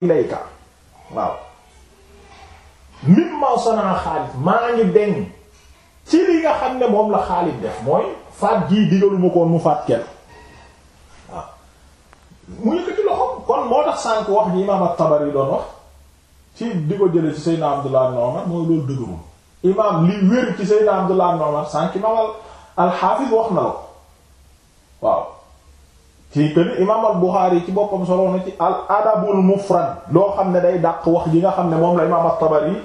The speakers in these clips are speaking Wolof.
ilayka waaw mimma sanaa Xaalid maa ngi deñ ci li nga xam ne moom la Xaalid def mooy faat jii digaluma koon mu faat kenn waaw mu yëkkati loxoom kon moo tax sànk wax ni imaam at-Tabari doon wax ci di ko jële ci Seydina Abdullah ibn Umar mooy loolu dëgërul imaam li wér ci Seydina Abdullah ibn Umar sànk imaam al wax na la waaw ci que ni imaam al-Bukhari ci boppam solo na ci al-Adabul Mufrad loo xam ne day dàq wax ji nga xam ne moom la imaam at-Tabari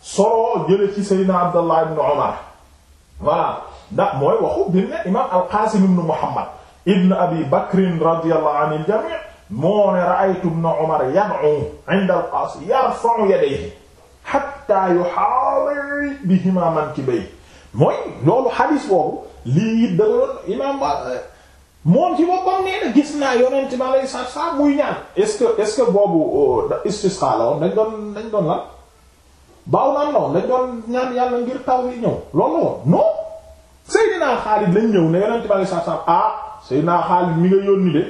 solo jële ci Seydina Abdallah ibn Umar voilà ndax mooy waxu bi ne imaam al-Qasim ibn Muhammad ibn Abi Bakr radiyallahu anil jami' moo ne ra'aytu ibn Umar yad'u 'inda al-Qasim yarfa'u yadayhi hatta yuhaali bihima mankibayhi mooy loolu hadith boobu lii it da doon imaam moom ci boppam nee na gis naa yonent ma lay sa sa muy ñaan est-ce boobu euh, istisqa la woon dañ doon dañ doon la baaw naan la woon dañ doon ñaan yàlla ngir taw yi ñëw loolu la woon non Seydina lañ ñëw ne yonent ma lay sa sa ah Seydina Xaalid mi nga yónni de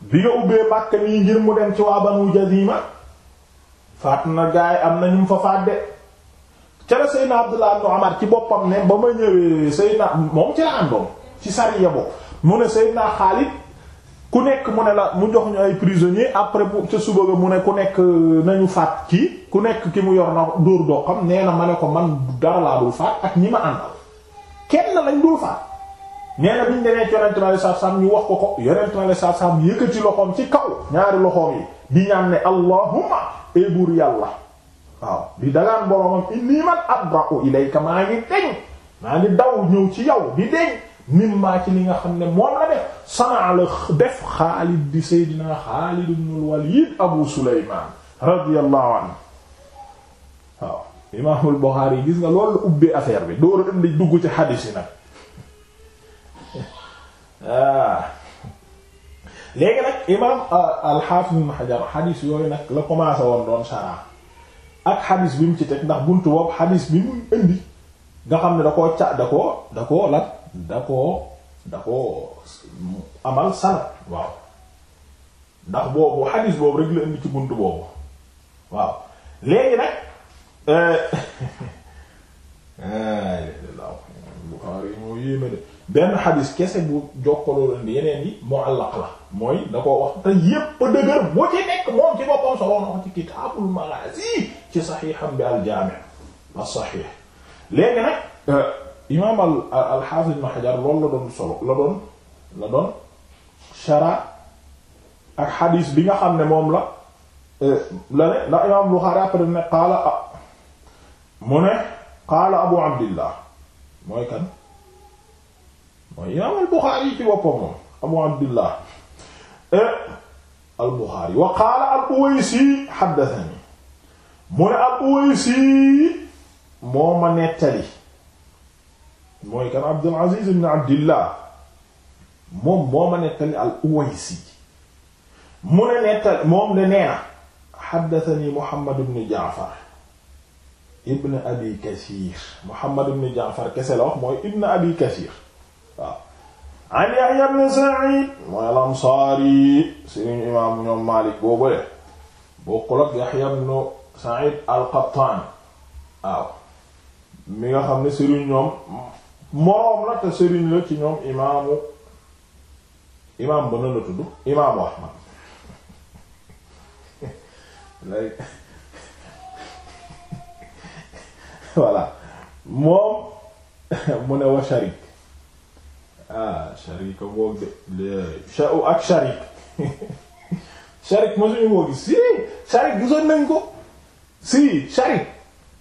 bi nga ubbee Makka nii ngir mu dem ci waa Banu Jazima faat na gaay am na ñu fa faat de ca la Seydina Abdullah ibn Umar ci boppam ne ba ma ñëwee Seydina moom ci la àndoon ci sariya boobu mu ne Seydina Xaalid ku nekk mu ne la mu jox ñu ay prisonnier après bu ca suba ga mu ne ku nekk euh, nañu faat kii ku nekk ki mu yor na dóor doo xam nee na ma ne ko man dara laa dul faat ak ñi ma àndal kenn lañ dul faat nee biñ demee ci yonent mi alayhi salaatu salaam ñu wax ko ko yonent mi alayhi salaatu salaam yëkkati loxoom ci kaw ñaari loxoom yi di ñaan ne allahumma eebur yàlla waaw di dagaan boromam inni man abra'u ilayka maa ngi deñ maa ngi daw ñëw ci yow bi deñ mimma ci li nga xam ne moo la def sanaa la def Xaalid di Seydina Xaalid ibnul Abu Sulaymaan radiyallahu anhu waaw Imaamul gis nga loolu la ubbee affaire bi door indi dugg ci xadiis yi nag ah léegi nag Imaam ah, al-Haafiz Ibn Hajar yooyu nag la commencé woon doon saraa ak xadiis bi mu ci teg ndax buntu boobu xadiis bi mu indi nga xam ne da koo ca da koo da da koo da koo amal sar waaw ndax boobu xadiis boobu rek la indi ci bunt boobu waaw léegi nag euh, Buxaari yi moo yéeme de benn xadiis kese bu jokkaloo la yeneen yi mu'allaq la mooy da ko wax yépp dëgër boo ci nekk moom ci boppam solo na ci kitaabul maghazi ci saxiixam bi al jaami' as nag euh, imaam al al xaafis ibn Hajar loolu la doon solo la doon la doon shara ak xadiis bi nga xam ne moom la eh, la ne la imaam Buxaari après ne qaala ah mu ne qaala Abu Abdillah mooy kan mooy imaam al Buxaari ci boppam moom Abu Abdillah eh, al Buxaari wa qaala al Uwaysi xaddasani mu ne al Uwaysi moo ma nettali mooy kan Abdul Aziz ibn Abdillah moom moo ma al Uwaysi mu ne nettali moom de nee na xaddatani ibn Abi Kasiir Muhammad ibn Jaafar kese mooy ibn Abi Kasiir an Yahya ibn Sa'id mooy al Ansaari sëriñ imaam ñoom Maalik boobu de Yahya ibn Sa'id al Qattaan waaw mi nga xam ne sëriñ ñoom moroom la te sëriñ la ci ñoom imaamu imaam ba na la tudd imaamu moom mu ne wa sharik ah sharika boog de shau ak sharik sharik ma suñu woo gi sharik gisoon nañ ko si sharik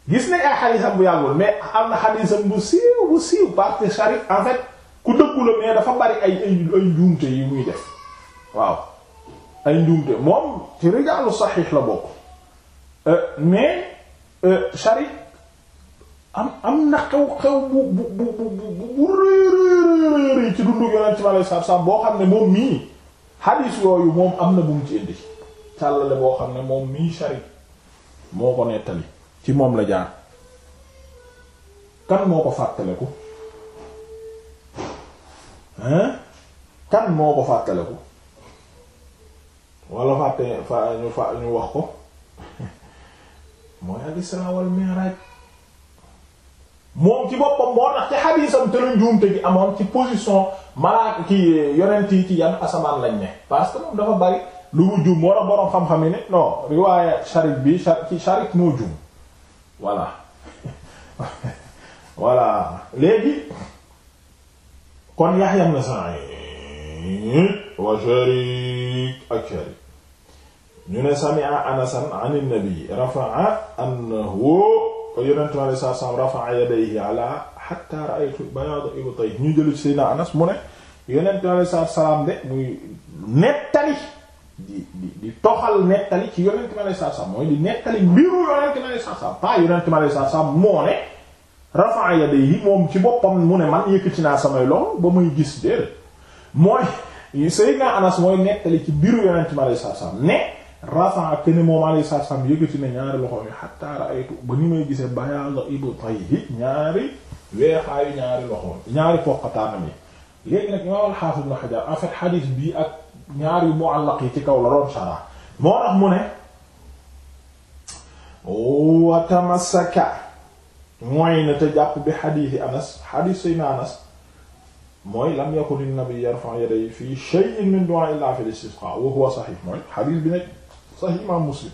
gis nañ ay xadisam bu yàggul mais am na xadisam bu siiw bu siiw parce que Sharif ku dëggu mais dafa bari ay ay ay njuumte yi muy def waaw ay njuumte moom ci rijaalu saxiix la bokk euh, mais euh, Sharif am am na xew-xew bu bu bu bu bu bu ci dundu Yonent bi sallallahu alayhi wa boo xam ne moom mii xadis yooyu moom am na bu mu ci càllale boo xam ne moom mii Sharif moo ko nettali. ci moom la jaar kan moo ko fàttaleku hein kan moo ko fàttaleku wala fàtte fa ñu fa ñu wax ko mooy al isra wal mi'raj moom ci boppam moo tax ci xadiisam te lu njuumte gi amoon ci position malaaka ki yonent yi ci yan asamaan lañ ne parce que moom dafa bari lu mu juum moo tax boroom xam-xam yi ne non riwaaya Sharik bi ci Sharik moo juum voilà voilà léegi kon Yahya ibn Sa'id wa Sharik ak Sharik ñu ne sami'a Anasan 'an an-nabi rafa'a annahu ko yonent mi alayhi salaam rafa'a yadayhi ala hatta ra'aytu bayaada ibtayhi ñu jëlu ci Sayyidina Anas mu ne yonent mi alayhi salaam de muy nettali di di di toxal nettali ci yonent ma lay sarsam mooy di nettali mbiru yonent ma lay sarsam pas yonent ma lay sarsam moo ne rafa'a yadayhi moom ci boppam mu ne man yëkkati naa samay loxo ba muy gis déedéet mooy Sayyidina Anas mooy nettali ci mbiru yonent ma lay sarsam ne rafa'a kenn moom alayhi salam yëkkati ne ñaari loxo mi hatta ra'aytu ba ni may gisee bayaada ibtayhi ñaari weexaayu ñaari loxo ñaari poqataanam yi léegi nag imaam al-Hafiz Ibn Hajar en fait ñaar yu muallaq yi ci kaw la doon sara moo tax mu ne wa tamassaka mooy na te jàpp bi xadiisi anas xadiis sayna anas mooy lam yakun an-nabi yarfa yadayhi fi shay'in min du'a illa fi al-istisqa wa huwa sahih mooy xadiis bi nekk sahih imam muslim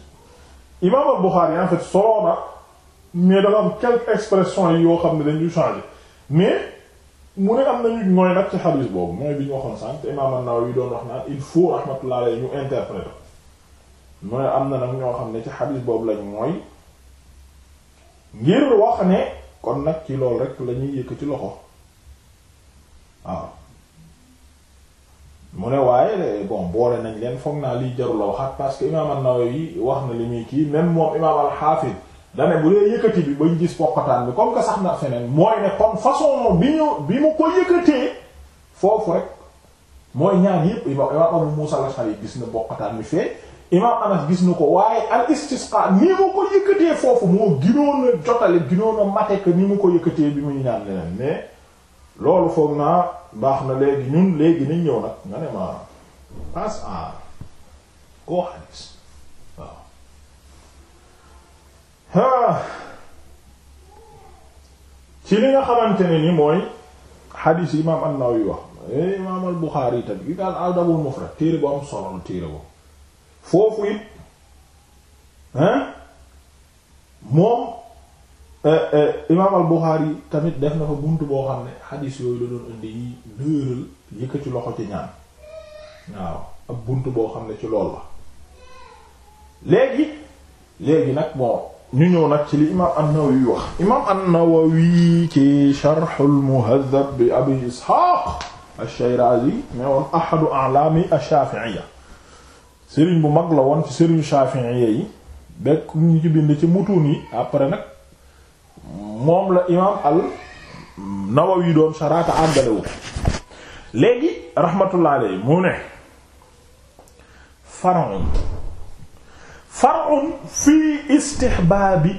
imam al-Bukhari en fait solo na mais dafa am quelques expressions yi yoo xam ne dañuy changer mais mu ne am nañu mooy nag ci xadiis boobu mooy bi ñu waxoon sànq imaam an-Nawawi doon wax naan il faut rahmatullah alayhi ñu interpréter mooy am na nag ñoo xam ne ci xadiis boobu lañu mooy ngir wax ne kon nag ci loolu rek la ñuy yëkk ci loxo waaw mu ne waaye bon boole nañ leen foog naa liy jarul a waxaat parce que imaam an wax na li muy kii même moom imaam al dane bu dee yëkkati bi bañ gis poqataan bi comme que sax na feneen mooy ne kon façon bi ñu bi mu ko yëkkatee foofu rek mooy ñaar yépp imaam Abu Muusa al gis na poqataan bi fee imaam Anas gis na ko waaye al istisqa ni mu ko yëkkatee foofu moo ginoon a jotale ginoon a ni mu ko yëkkatee bi muy ñaan leneen mais loolu foog naa baax na léegi ñun léegi nañ ñëw nag nga ne ma passe à Ah. ci li nga xamante ne ni mooy xadiis yi imaam an-Nawawi wax eh, imaam al-Buxaari tamit yi daal adabul mufrad téere bu am solo téere bu foofu it moom eh, eh, imaam al tamit def na fa bunt boo xam ne xadiis yooyu la doon indi yi lëeral yëkka ci loxo ci ñaan waaw ab bunt boo xam ne ci lool la léegi léegi nag bon ñu ñëw nag ci li imaam an-Nawawi wax imaam an-Nawawi ci Sharh al-Muhadhab bi Abi Ishaq ash-Shirazi ne woon ahadu a'lami ash-Shafi'iyya sëriñ bu mag la woon ci sëriñ Shafi'iyya yi bekk ñu ci bind ci mutuun yi après nag moom la imaam an-Nawawi doon sharaata àggalewu léegi rahmatullah mu ne faraon far'un fi istihbaabi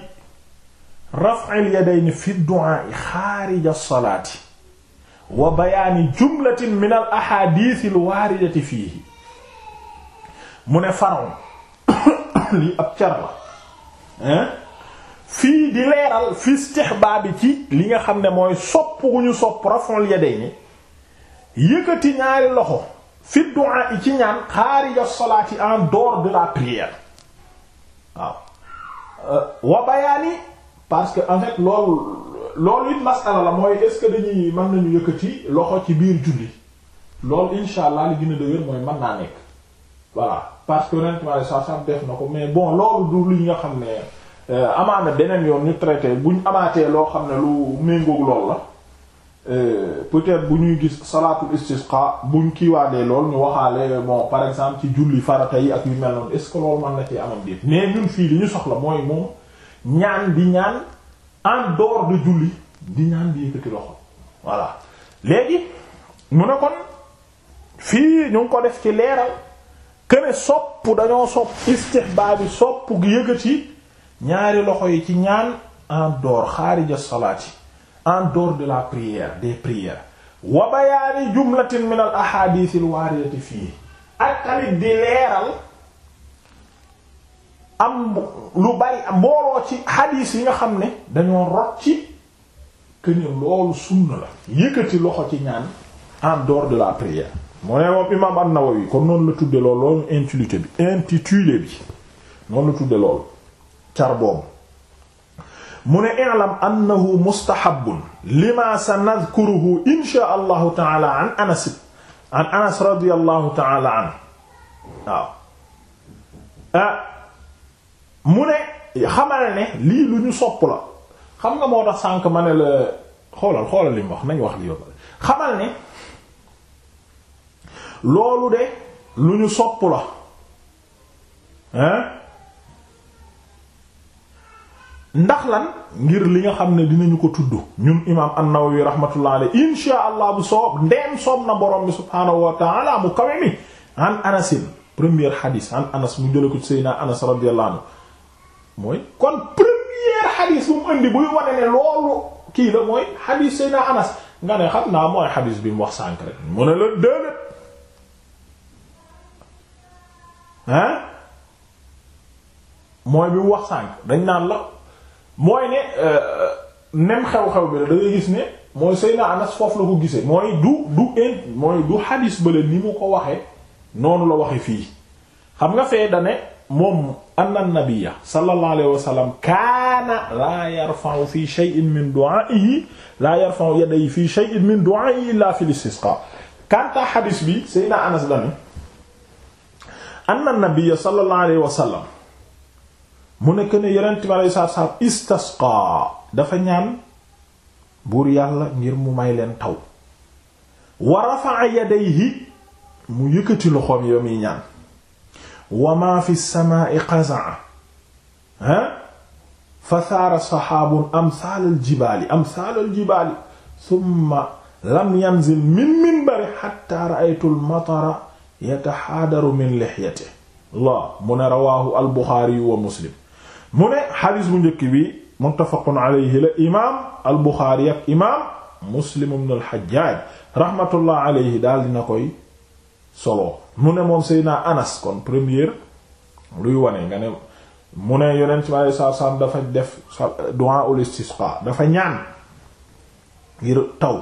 raf'il yadayni fi du'aa'i xaarija salaati wa bayaani jumlatin min al ahaadiisi al waaridati fiihi mu ne far'un lii ab car la fii di leeral fi istihbaabi ci li nga xam ne mooy sopp gu ñu sopp raf'il yadayni yëkkati ñaari loxo fi du'aa'i ci ñaan xaarija salaati en dehors de la prière waaw euh, wa parce que en fait loolu loolu it masala la mooy est-ce que dañuy mën nañu yëkkati loxo ci biir julli loolu insha allah li gën mooy mën naa nekk voilà parce que honnêtement sa sa def na ko mais bon loolu du li nga xam ne euh, amaana beneen yoon ñu traité buñ amaatee loo xam ne lu méngoog loolu la Euh, peut-être bu ñuy gis salaatul istisqa buñ kiiwaadee lool ñu waxaale bon par exemple ci julli farata yi ak yu mel noonu est-ce que mën na ci amam déet mais ñun fii li ñu soxla mooy moom ñaan di ñaan en dehors de julli di ñaan di yëkkati loxo voilà léegi mu ne kon fii ñu ngi ko def ci leeral këne sopp dañoo sopp istihbab bi sopp gi yëkkati ñaari loxo yi ci ñaan en dehors xaarija yi en dehors de la prière des prières wa bayaani jumlatin min al ahadith al waaridati fii ak tamit di leeral am lu bari mbooloo ci hadith yi nga xam ne dañoo rot ci loolu sunna la yëkkati loxo ci ñaan en dehors de la prière mu ne moom imam an-Nawawi kon noonu la tudde loolu loolu intitulé bi intitulé bi noonu la tudde loolu car mu ne i'lam annahu mustahabun lima sanadhkuruhu insha allahu taala an anas an anas radiyallahu taala an waaw ah mu ne xamal ne lii lu ñu sopp la xam nga moo sànq ma ne la xoolal xoolal li mu wax nañ wax li xamal ne loolu de lu ñu soppula la ndax lan ngir li nga xam ne dinañu ko tudd ñun imaam an-Nawawi rahmatullah alayhi allah bu soob ndeem soob na borom bi subhaanahu wa ta'ala mu kawe mi an anasin premier hadith an anas mu jële ko ci Seydina anas radiyallahu anhu mooy kon premier hadith bu mu indi buy wane ne loolu kii la mooy hadith Seydina anas nga ne xam naa mooy hadith bi mu wax sànk rek mu ne la déedéet ah mooy bi mu wax sànk dañ naan la mooy ne euh, même xew-xew bi la da ngay gis ne mooy Seyna Anas foofu la ko gisee mooy du du in mooy du xadis bale ni mu ko waxee noonu la waxe fii xam nga fee dane moom anna nabiyya sallallahu alayhi wa sallam kaana laa yarfa'u fi shay'in min du'a'ihi laa yarfa'u yadayhi fi shay'in min du'a'ihi illa bi Seyna Anas dane anna nabiyya sallallahu alayhi wa mu nekk ne yonent bi aleyhi salaatu salaam dafa ñaan buur yàlla ngir mu may leen taw wa rafa'a yadayhi mu yëkkati loxoom yo muy ñaan wa maa fi samaa'i qaza'a ha fa saara saxaabun amsaalal jibaali amsaalal jibaali summa lam yanzil min minbari xatta ra'aytul matara yataxaadaru min lixyatihi Allah mu ne rawaahu al wa Muslim mu ne xadis bu njëkk bi muttafaqun alayhi la imaam al buxaari ak imaam muslim ibn al xajjaaj rahmatullah alayhi daal dina koy solo mu ne moom Seydina Anas kon première luy wane nga ne mu ne yonent bi alayhi salaatu dafa def du'a ul istisqa dafa ñaan ngir taw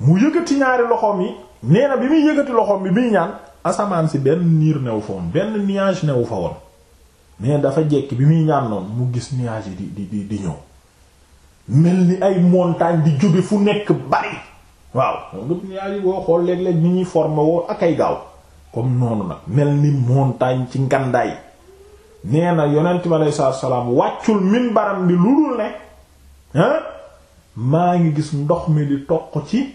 mu yëkkati ñaari loxoom yi nee na bi muy yëkkati loxoom bi muy ñaan asamaan si benn niir new fa woon benn nuage newu fa woon. mais dafa jekki bi muy ñaan mu gis nuages yi di di di ñëw mel ni ay montagne di jóge fu nekk bari waaw donc nuages yi boo xool léeg-léeg ni ñuy formé woo ak ay gaaw comme noonu nag mel ni montagne ci ngandaay nee na yonent mi aleyhi salaatu salaam wàccul minbaram bi lu dul ne maa ngi gis ndox mi di toq ci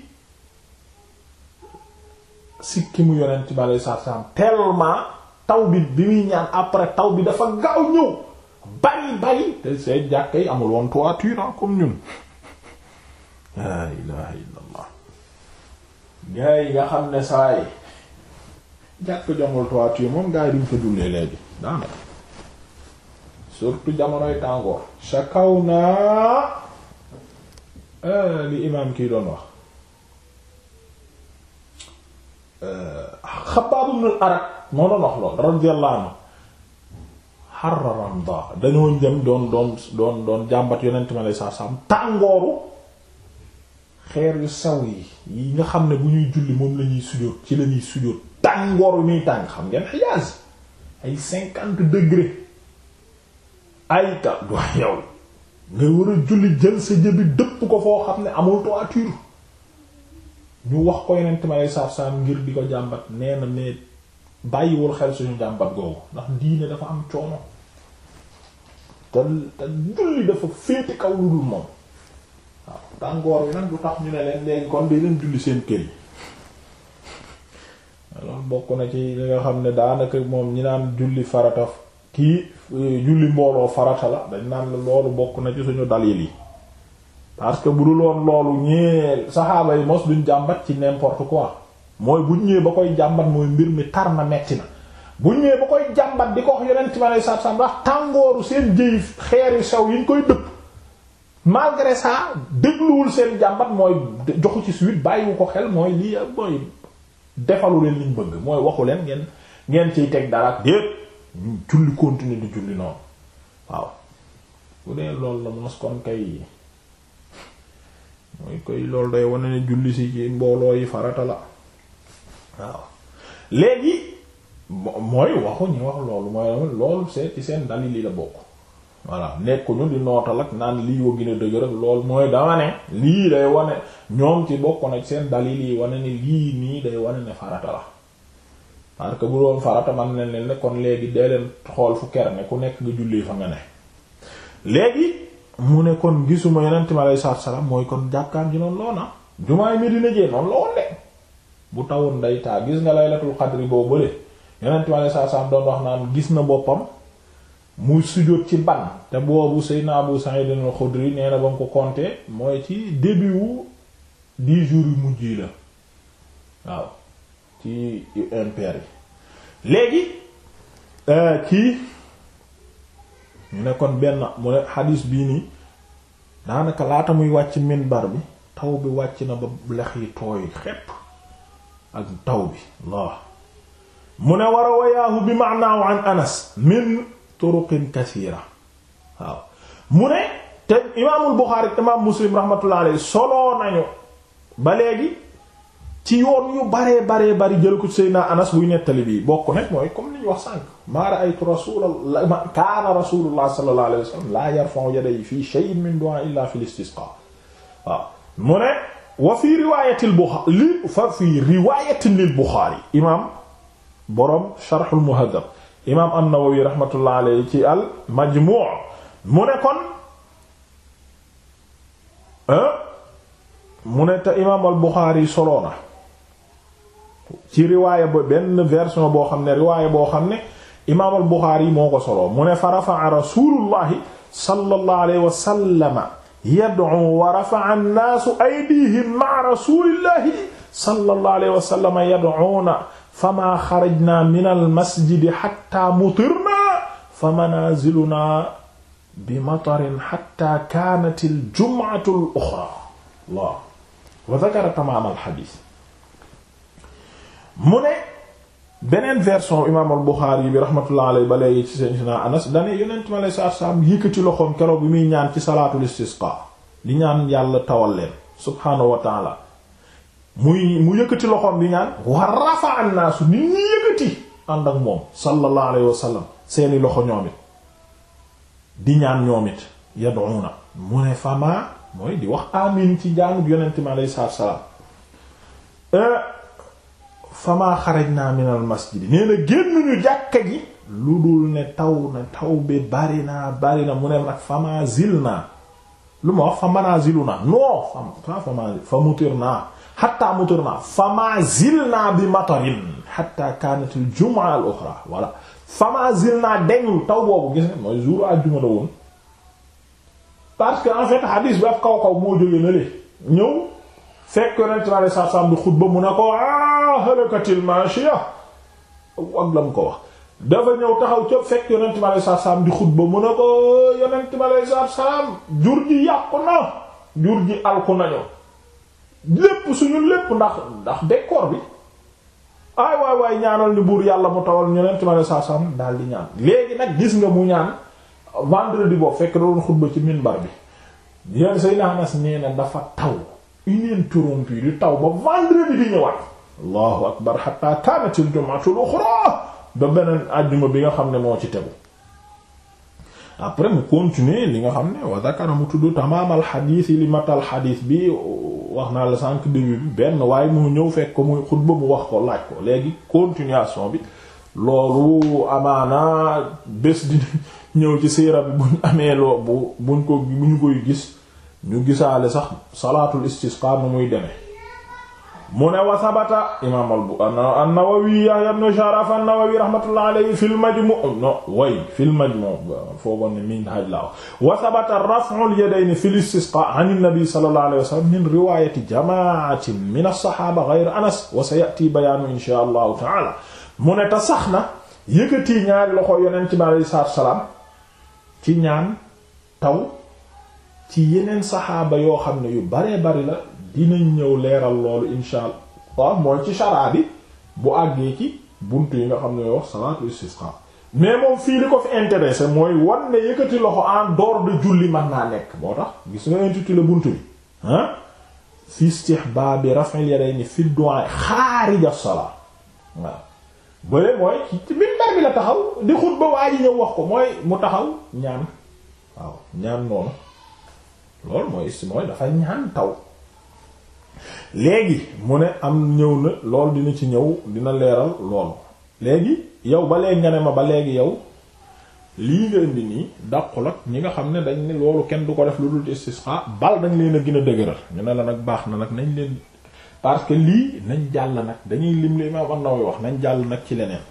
sikki mu yonent mi aleyhi salaatu salaam tellement. taw bi bi muy ñaan après taw bi dafa gaaw ñëw bari bari te seen jàkka yi amul woon toiture ah, comme ñun laa ilaha illallah gars yi nga xam ne saa yi jàkk jamul toiture moom gars yi duñ fa jullee léegi daanaka surtout jamonoy tàngoor sa kaw naa eh, li imaam kii doon wax eh, xabaabum nal moo doon wax lool radiyallahu anhu xarra ramda dañoo dem doon doon doon doon jàmbat yonent ma lay saa saam tàngooru xeer yu saw yi nga xam ne bu ñuy julli moom lañuy ñuy sujjóot ci lañuy ñuy sujjóot tàngooru ñuy tàng xam ngeen xiyaas ay cinquante degré ay ka do yow nga war a julli jël sa jëbi dëpp ko foo xam ne amul toiture ñu wax ko yonent ma lay saa saam ngir di ko jàmbat nee na bàyyiwul xel suñu jàmbat googu ndax diine dafa am coono te te julli dafa féete kaw lu dul moom waaw tàngoor wi nag du tax ñu ne leen léegi kon di leen julli seen kër yi bokk na ci li nga xam ne daanaka moom ñi naan julli farata kii julli mbooloo farata la dañ naan la loolu bokk na ci suñu dalil yi parce que bu dul woon loolu ñeel saxaaba mos duñ jàmbat ci n'importe quoi mooy bu ñëwee ba koy jàmbat mooy mbir mi tar na metti na bu ñëwee ba koy jàmbat di ko wax yonent bi alei satu ndax tàngooru seen jëy xeer yu sew yi ñu koy dëpp malgré ça dégluwul seen jàmbat mooy joxu ci suite bàyyiwu ko xel mooy lii mooy defalu leen liñ bëgg mooy waxu leen ngeen ngeen ciy teg dara déet ñu julli continuer di julli noonu waaw bu dee loolu la mos kon kay mooy koy loolu day wane ne julli si mbooloo yi farata la waaw léegi mooy waxu wax loolu mooy loolu c'est ci seen dalil yi la bokk voilà nekkuñu di nootal ak naan lii wa gën a dëgër mooy dama ne lii day wane ñoom ci bokk na seen dalil yi wane ne lii nii day wane ne farata la parce que bu doon farata man ne leen ne kon léegi dee leen xool fu ker ne ku nekk nga julli fa nga ne léegi mu ne kon gisuma yeneen time alay salaam mooy kon jàkkaan ji noonu loona ah. jumaay Medina jee noonu la de bu tawoon day taa gis nga laylatul xadri boobu bële yeneen tubaab saa saam doon wax naan gis na boppam mu sujjóot ci ban te boobu Seydina Abu Sa'id al-Khudri nee na ba mu ko compter mooy ci début wu dix jours yu mujj yi la waaw ci impair yi léegi euh, kii ñu ne kon benn mu ne xadiis bii nii daanaka laata muy wàcc minbar bi taw bi wàcc na ba lex yi tooy xepp ak taw bi Allah mu ne war a wayaahu bi maanaahu an anas min turuqin kasiira waaw mu ne te imaamul Buxaari imaam Muslim rahmatullahi alayhi soloo nañu ba léegi ci yoon yu baree baree bari jël ko Seydina Anas buy nettali bii bokk nag mooy comme ni ñu wax sànq maa ra'aytu rasulallah ma kaana rasulullah sallallahu alayhi wa sallam laa yarfa'u yadayhi fii shay'in min du'a illa fil istisqa waaw mu ne wa fi riwaayatil Buxaari li fa fi riwaayatin lil Buxaari imaam boroom Sharhul Muhaddab imaam an-Nawawi ci al Majmuu' mu ne kon mu ne te imaam al solo na ci riwaaya ba benn version boo xam ne riwaaya boo xam ne imaam al Buxaari moo ko solo mu ne fa rafa'a rasuulullahi sallallahu alayhi wa yad'u wa rafa'a an-naasu aydihim ma'a rasulillahi sallallahu alayhi wa sallam yad'una famaa xarajnaa min al-masjidi hattaa mutirnaa fa manaazilunaa bi matarin hattaa kaanat al-jum'atu al-uxraa Allah wa dhakara tamaam al-hadiis mu ne beneen version imaam al Buxaari bi rahmatullah ba léegi ci sayyidina Anas dane yonent mi loxoom keroog muy ñaan ci salaatul istisqa di ñaan yàlla tawal leen subhaanahu wa taala muy mu yëkkati loxoom di ñaan wa rafa'a an-naasu nit ñi yëkkati ànd ak moom sallallahu alayhi wa seeni loxo ñoom di ñaan ñoom it mu ne fama mooy di wax amin ci jaanut yonent mi alayhi salaatu salaam eh, famaa xaraj naa minal masjidi nee génn ñu jàkka ji lu dul ne taw na taw bi bari naa mu ne nag famaa zil lu ma wax fa manaa zilu fa famaa fa xatta mutir naa famaa zil naa bi matarin xatta kaanatil jumaa al woon parce que en fait hadis bi af kaw kaw moo jógee na le ñëw fekk yonent bi sallallahu bi xutba mu ne ko ah, ilaa halakatil maashiya ak lam ko wax dafa ñëw taxaw ca fekk yonent bi aleyhi salaatu salaam di xutba mu ne ko yonent bi aleyhi salaatu salaam jur ji yàqu na jur ji alku nañu lépp suñu lépp ndax ndax décor bi aay waay waay ñaanal ni buur yàlla mu tawal yonent bi aleyhi salaatu salaam daal di ñaan léegi nag gis nga mu ñaan vendredi boobu fekk da doon xutba ci minbar bi yéen say naanas nee dafa taw ininterrompu di taw ba vendredi di ñëwaat allahu akbar hatta kaanat al-jumu'atu al ba beneen àjjuma bi nga xam ne moo ci tegu après mu continuer li nga xam ne wa zakara mu tudd tamaam alxadiis yi li matal xadiis bi wax naa la sànq début bi benn waaye mu ñëw fekk ko muy xutba mu wax ko laaj ko léegi continuation bi loolu amaana bés di ñëw ci siira bi buñ amee loo bu buñ ko bu ñu koy gis ñu gisaale sax salaatul istisqa nu muy demee mu ne wa sabata imaam an-Nawawi Yahya ibn Sharaf an-Nawawi rahmatullah alayhi fil majmu' no way fil majmu' foogoon ne minhaj la wa sabata raf'u al-yadayni fil istisqa' an an-nabi sallallahu alayhi wa sallam min riwaayati jamaatin min as-sahaaba ghayra Anas wa sayati bayaanu insha Allahu ta'ala mu ne te sax na yëkkati ñaari loxo yonent bi alayhi salaatu salaam ci ñaan taw ci yeneen saxaaba yoo xam ne yu baree bari la dinañ ñëw leeral loolu insha allah mooy ci sharaa bu àggee ci buntu yi nga xam ne wax salaatu istisqa mais moom fii li ko fi intéressé mooy wan ne yëkkati loxo en door de julli mën naa nekk moo tax gis nga intitulé buntu bi ah fi istihbaabi raf'il yadayni fi du'a xaarija salaa waaw bële mooy ci minbar la taxaw di xutba waa ji ñëw wax ko mooy mu taxaw ñaan waaw ñaan noonu loolu mooy mooy dafa ñaan taw léegi mu ne am ñëw na lool dina ci ñëw dina leeral lool léegi yow ba léegi nga ne ma ba léegi yow lii nga bi nii dàqul ak ñi nga xam ne dañ ne loolu kenn du ko def lu dul istisqa bal dañ leen a gën a ñu ne la nag baax na nag nañ leen parce que lii nañ jàll nag dañuy lim li Imaam An-Nawawi wax nañ jàll nag ci leneen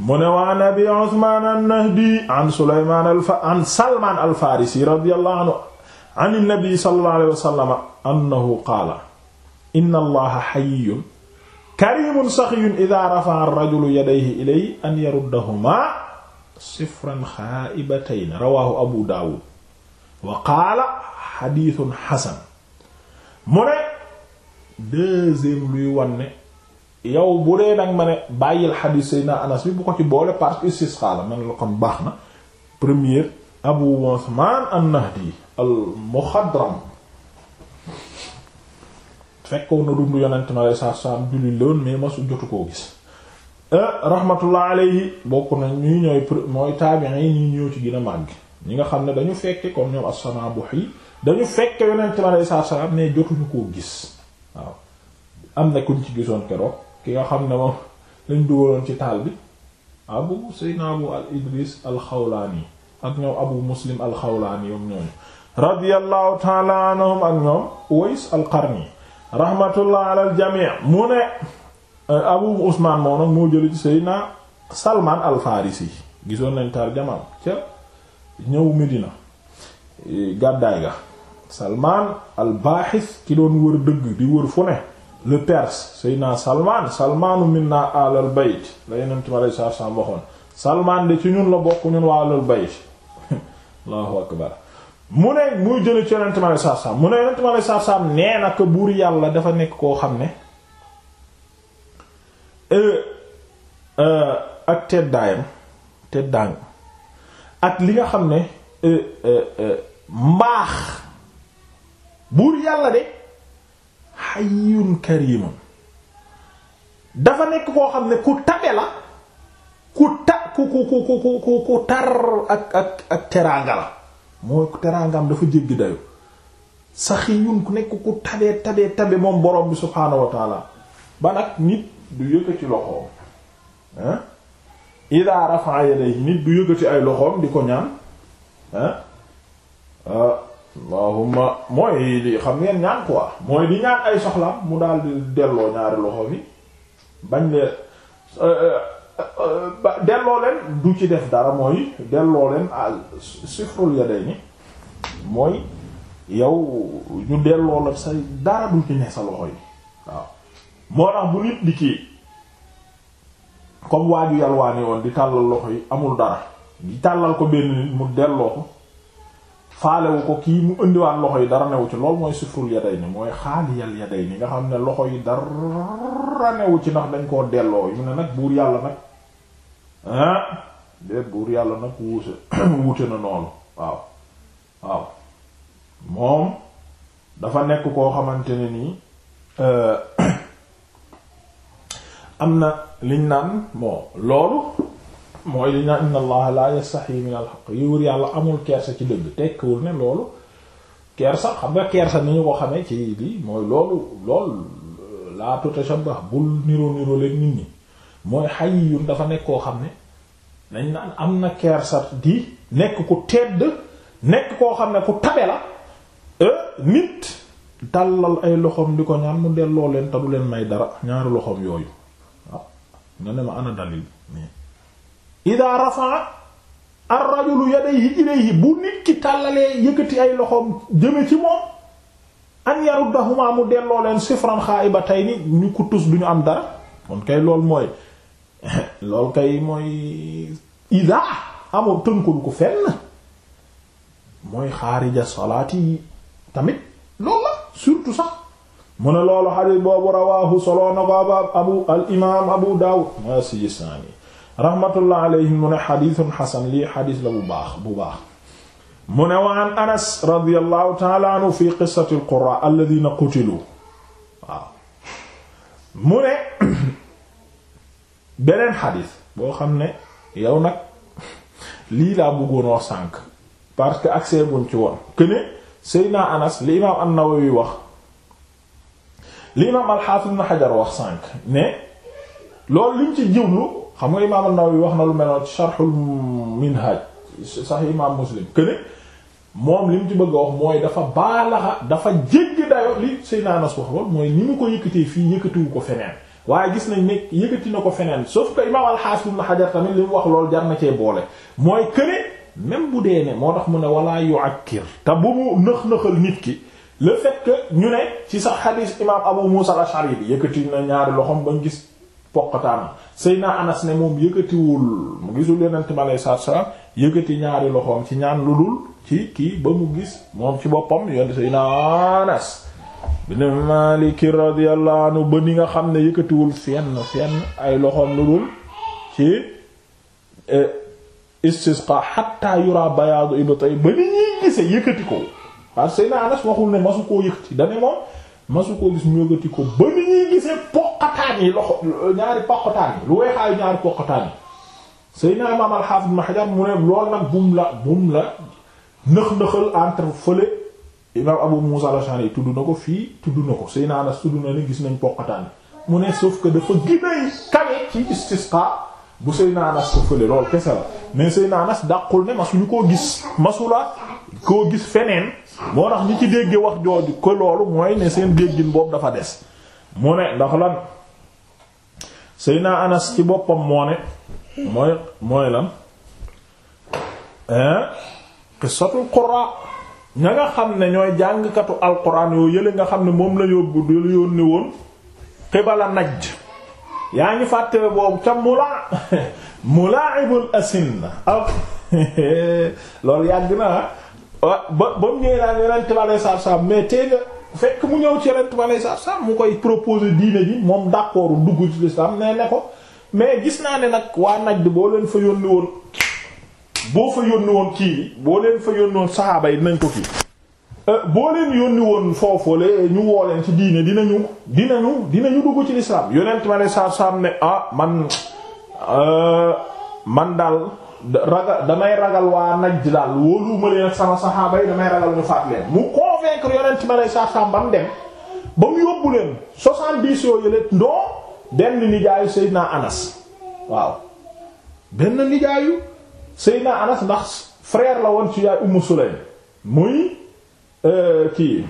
mu ne waa nabi an-Nahdi an Sulaymaan an Salmaan al-Faarisi radiyallahu anhu an nabi sallallahu alayhi annahu qaala inna allaha xayiyun karimun saxiyun ida rafa'a ar-rajulu yadayhi ilayhi an yaruddahuma sifran xaa'ibatayn rawaahu abu daawud wa qaala xadiisun xasan mu ne deuxième luy wanne yow bu dee nag ma ne bàyyil xadiis sayyidina anas bi bu ko ci boole parce que istisqa la man la kon baax na premier abu usmaan an-nahdi al-muxadram fekkoon na dundu yonent mi alayhi salaatu salaam julli loon mais ma su jotu koo gis eh, rahmatullah alayhi bokk na ñuy ñooy mooy taabiin yi ñuy ñëw ci gën màgg ñi nga xam ne dañu fekke comme ñoom bu sanaabuhi dañu fekke yonent mi alayhi salaatu salaam jotuñu koo gis waaw am na kuñ ci gisoon keroog ki nga xam ne moom lañ dugaloon ci taal bi abu sayna abu al idris al xawlaani ak ñoom abu muslim al xawlaani yoom ñooñu radiyallahu ta'ala ak ñoom uwais al qarni rahmatullah ala al jami mu ne eh, abu usman moo nag moo jële ci seydina salman al farisi gisoon nañ tar jamal ca ñëw medina eh, gàddaay ga salman al baaxis ki doon wër dëgg di wër fu le perse seydina salman salmanu minna alal bayt la yeneen ma lay saar saam waxoon salman de ci ñun la bokk ñun waa alal bayt allahu akbar mu ne muy jële ci yonent mi aleyhi salaatu salaam mu ne yonent mi aleyhi salaatu salaam ko buur yàlla dafa nekk koo xam ne e, e, ak teddaayam teddaang ak li nga xam ne e, mbaax buur yàlla de hayyun dafa nekk koo xam ne ku tabe la ku ta ku ku ku ku ku ku tar ak ak ak teraanga la mooy teraangaam dafa jéggi dayu saxiyun ku nekk ku tabee tabee tabe moom borom bi subhaanahu wa taala ba nag nit du yëkkati loxoom ah ida rafa'a nit du yëkkati ay loxoom di ko ñaan ah allahumma mooy xam ngeen ñaan quoi mooy di ñaan ay soxlaam mu dal di delloo ñaari loxo yi bañ le delloo leen du ci def dara mooy delloo leen al sifrul yadayni mooy yow ñu delloo la say dara du ci ne sa loxo yi waaw moo tax bu nit di kii comme waaju yalwaane woon di tàllal loxo yi amul dara di tàllal ko benn nit mu delloo ko faalewu ko kii mu indiwaat loxo yi dara newu ci loolu mooy sufrul yaday ni mooy xaaliyal yaday ni nga xam ne loxo yi dara newu ci ndax dañ koo delloo yi mu ne nag buur yàlla nag ah déet buur yàlla nag wuute wuute noonu waaw waaw moom dafa nekk koo xamante ne nii euh, am na liñ naan bon loolu mooy li ñu naan inna allaha la yastahi min al yàlla amul kersa ci dëgg tekkiwul ne loolu kersa xam nga kersa ni ñu ko xamee ci lii mooy loolu lool la tutashabbah bul dafa koo xam ne dañ naan am na kersa di nekk ku tedd nekk koo xam ne ku tabe la e, nit tàllal ay loxoom di ko ñaan mu delloo leen te du leen may dara ñaari loxoom yooyu waaw ma ana dalil nii ida rafa'a ar-rajulu yadayhi bu nit ki tàllalee yëkkati ay loxoom jëme ci moom an yaruddahuma mu delloo leen sifran xaa'ibatayni ñu ko tus duñu am dara kon kay loolu mooy loolu kay mooy ida amul tënkul ko fenn mooy xaarija salaati tamit loolu surtout sax mu ne loolu xadiis boobu rawaahu soloo na ko abu al imaam abu daawud ma sijistaani rahmatullah alayhim mu ne la bu baax bu baax mu ne anas radiyallahu taala anhu fi qissati alqura alladina qutilu waaw beneen xadiis boo xam ne yow nag lii laa bëggoon wax sànq parce que accès buñ ci woon këne Seydina Anas li imaam an-Nawawi wax li imaam al-Hafiz ibn Hajar wax sànq ne loolu liñ ci jublu xam nga imaam an-Nawawi wax na lu mel noonu sharhul minhaj sahih imaam Muslim këne moom li mu ci bëgg a wax mooy dafa baalaxa dafa jégg dayo li Seydina Anas wax lool mooy ni mu ko yëkkatee fii yëkkatiwu ko feneen waaye gis nañ ne yëkkati na ko feneen sauf que imaam al-Hafiz Ibn Hajar tamit li mu wax lool jar na cee boole mooy këne même bu dee ne moo tax mu ne wala yu'akkir te bu mu nëx-nëxal nit ki le fait ñu ne ci sax hadith imaam Abu Musa al-Ash'ari bi yëkkati na ñaari loxom bañ gis poqataan Seyna Anas ne moom yëkkatiwul mu gisul yonent mi alayhi salaam yëkkati ñaari loxoom ci ñaan lu dul ci kii ba mu gis moom ci boppam yon Seyna Anas bin Maalik radiyallahu ba ni nga xam ne yëkkatiwul fenn fenn ay loxoom lu dul ci e, istisqa hatta yura bayaadu ibtay ba ni ñuy gise yëkkati ko parce que Seyna Anas waxul ne masu koo yëkkati dane moom masu koo gis mu yëgati ko ba ni ñuy gisee poqataan yi loxo ñaari poqataan yi lu weexaayu ñaari poqataan yi Seydina Imaam al-Hafiz Ibn Hajar mu ne lool nag bum la bum la nëx-nëxal entre fële Imaam Abu Muusa al-Ash'ari tudd na ko fii tudd na ko Seydina Anas tudd na ni gis nañ poqataan yi mu ne sauf que dafa ginay kawe ci istisqa bu Seydina Anas ko fële lool kese la mais Seydina Anas dàqul ne masuñu koo gis masula koo gis feneen moo tax ñi ci dégge wax jooju ko loolu mooy ne seen déggin boobu dafa des mu ne ndax lan Seyna Anas ci boppam moo ne mooy mooy lan qisatul qurra ña nga xam ne ñooy jàngkatu alquran yoo yële nga xam ne moom la yóbbu du la yónni woon xibala najj yaa ngi fàttale boobu ca mulaa mulaa'ibul asinna loolu yàgg na Ah, ba ba mu ñëwee naan yonent bi alayhi salaatu salaam mais tey nga fekk mu ñëw ci yonent bi alayhi salaatu salaam mu koy proposer diine bi moom d'accord dugg ci l'islam nee ne ko mais gis naa ne nag waa bi boo leen fa yónni woon boo fa yónni woon kii boo leen fa yónni woon saxaaba yi dinañ ko kii euh, boo leen yónni woon foofule ñu woo leen ci diine dinañu dinañu dinañu dugg ci l'islam yonent bi alayhi salaatu salaam ne ah man euh, man daal ragal damay ragal waa Najd daal wóoluwuma leen ak sama saxaaba yi damay ragal ñu faat leen mu convaincre yonent ma lay sarsam ba mu dem ba mu yóbbu leen soixante-dix yoo yële ndoo benn nijaayu Seydina Anas waaw benn nijaayu Seydina Anas ndax frère la woon ci yaay Ummu Sulaym muy euh, kii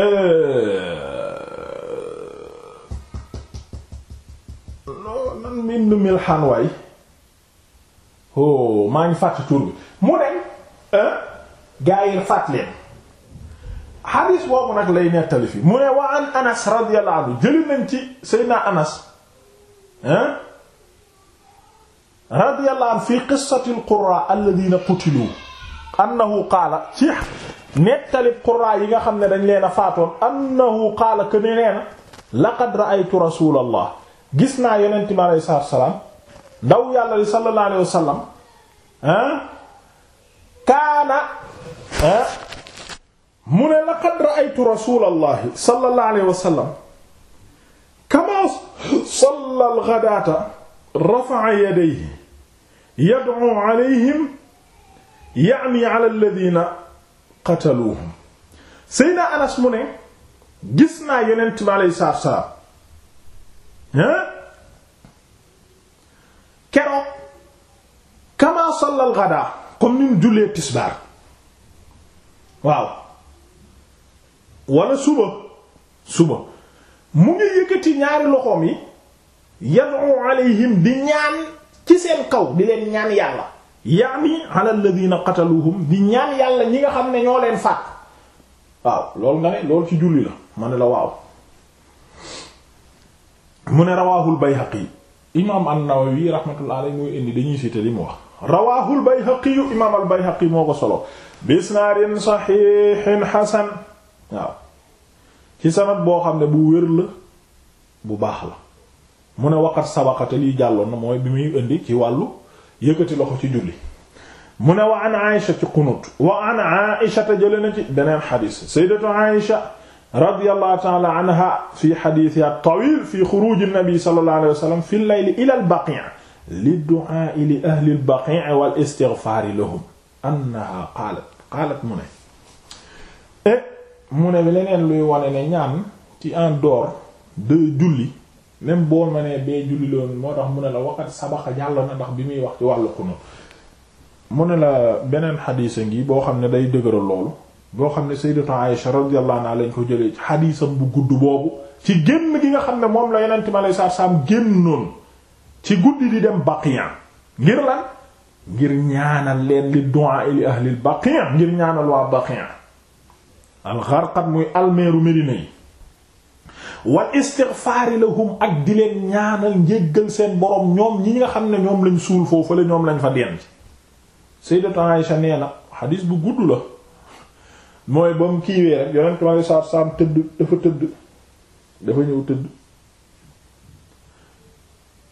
euh, nan mim nu oh maa ngi fàtt tur bi mu ne gaa yi fàtt leen xadiis boobu nag lay nettali fi mu ne wa an anas radiyallahu anhu jëli nañ ci seydna anas hein radiyallahu anhu fi qissati alqurra alladina qutilu annahu qaala ci nettali qurra yi nga xam ne dañ leen a faatoon annahu qaala que ne nee na laqad ra'aytu rasulallah gis naa yonente bi alayhi salaatu wa salaam daw yàlla li sallallahu alayhi wasallam kaana mu ne laqad ra'aytu rasulallahi sallallahu alayhi wasallam kama salla al-ghadaata rafa'a yadayhi yad'u alayhim ya'ni ala alladhina qataluuhum Seydina Anas mu ne gis naa yonent bi alayhi salaatu wa salaam sallal ghadaa comme ni mu jullee tisbaar waaw wala suba suba mu ngi yëkkati ñaari loxoom yi yad'u alayhim di ñaan ci seen kaw di leen ñaan yàlla yaani ala alladhina qataluhum di ñaan yàlla ñi nga xam ne ñoo leen faat waaw loolu nga ne loolu ci julli la ma ne la waaw mu ne rawaahul Bayhaqi imaam an-Nawawi rahmatullah alayhi muy indi dañuy cité li mu wax rawaahu al-Bayhaqi imaam al-Bayhaqi moo ko solo bi isnaadin saxiixin xasan waaw ci sanad boo xam ne bu wér la bu baax la mu ne waqat sabaqata lii jàlloon na mooy bi muy indi ci wàllu yëkkati loxo ci julli mu ne wa an Aïsha ci qunut wa an Aïsha jële na ci beneen xadiis sayyidatu Aïsha radiyallahu ta'ala anha fi xadiisihaa at-tawiil fi xuruuji nabi sallallahu alayhi wa sallam fil layli ilal baqi' li du'aa li ahli al-baqi' wal istighfar lahum annaha qaalat qaalat mu ne e mu ne leneen luy wane ne ñaan ci en dehors de julli même boo ma nee bee julli loolu moo tax mu ne la waqat sabaxa jàll na ndax bi muy wax ci wàllu xunóot mu ne la beneen xadiisa ngi boo xam ne day dëgëral loolu boo xam ne sayyidatu Aisha radiyallahu anha lañ ko jëlee xadiisam bu gudd boobu ci génn gi nga xam ne moom la yeneen ma lay saar saam génnoon ci guddi di dem Baqiya ngir lan ngir ñaanal leen li du'a li ahli Baqiya ngir ñaanal waa Baqiya al muy almeeru Medina yi wal istighfaari lahum ak di leen ñaanal njéggal seen borom ñoom ñi nga xam ne ñoom lañ suul foofu la ñoom lañ fa denc Sayyidatu Aisha nee na xadiis bu gudd la mooy ba mu kiiwee rek yonent ma saa saam tëdd dafa tëdd dafa ñëw tëdd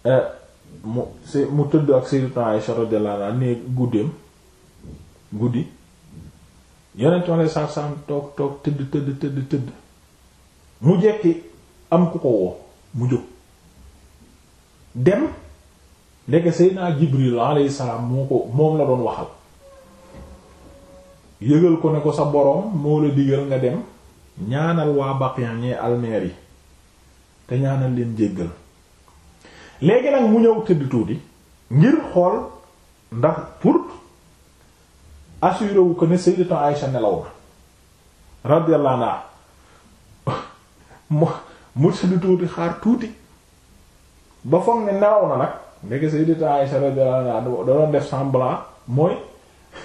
eh, mu se mu tëdd ak sayyidatuna Aisha radiyallahu anha ne guddeem guddi yonent ma lay saar toog toog tëdd tëdd tëdd tëdd mu jekki am ku ko woo mu jóg dem ndeke Seydina Jibril alayhi salaam moo ko moom la doon waxal yëgal ko ne ko sa boroom moo la digal nga dem ñaanal waa Baqiya ñee almeer yi te ñaanal leen jéggal léegi nag mu ñëw tëdd tuuti ngir xool ndax pour assuré wu ko ne Sayyidatu Aïcha nelaw na radiyallahu anha mu mu tëdd tuuti xaar tuuti ba foog ne nelaw na nag ndeke Sayyidatu Aïcha radiyallahu anha da doon def semblant mooy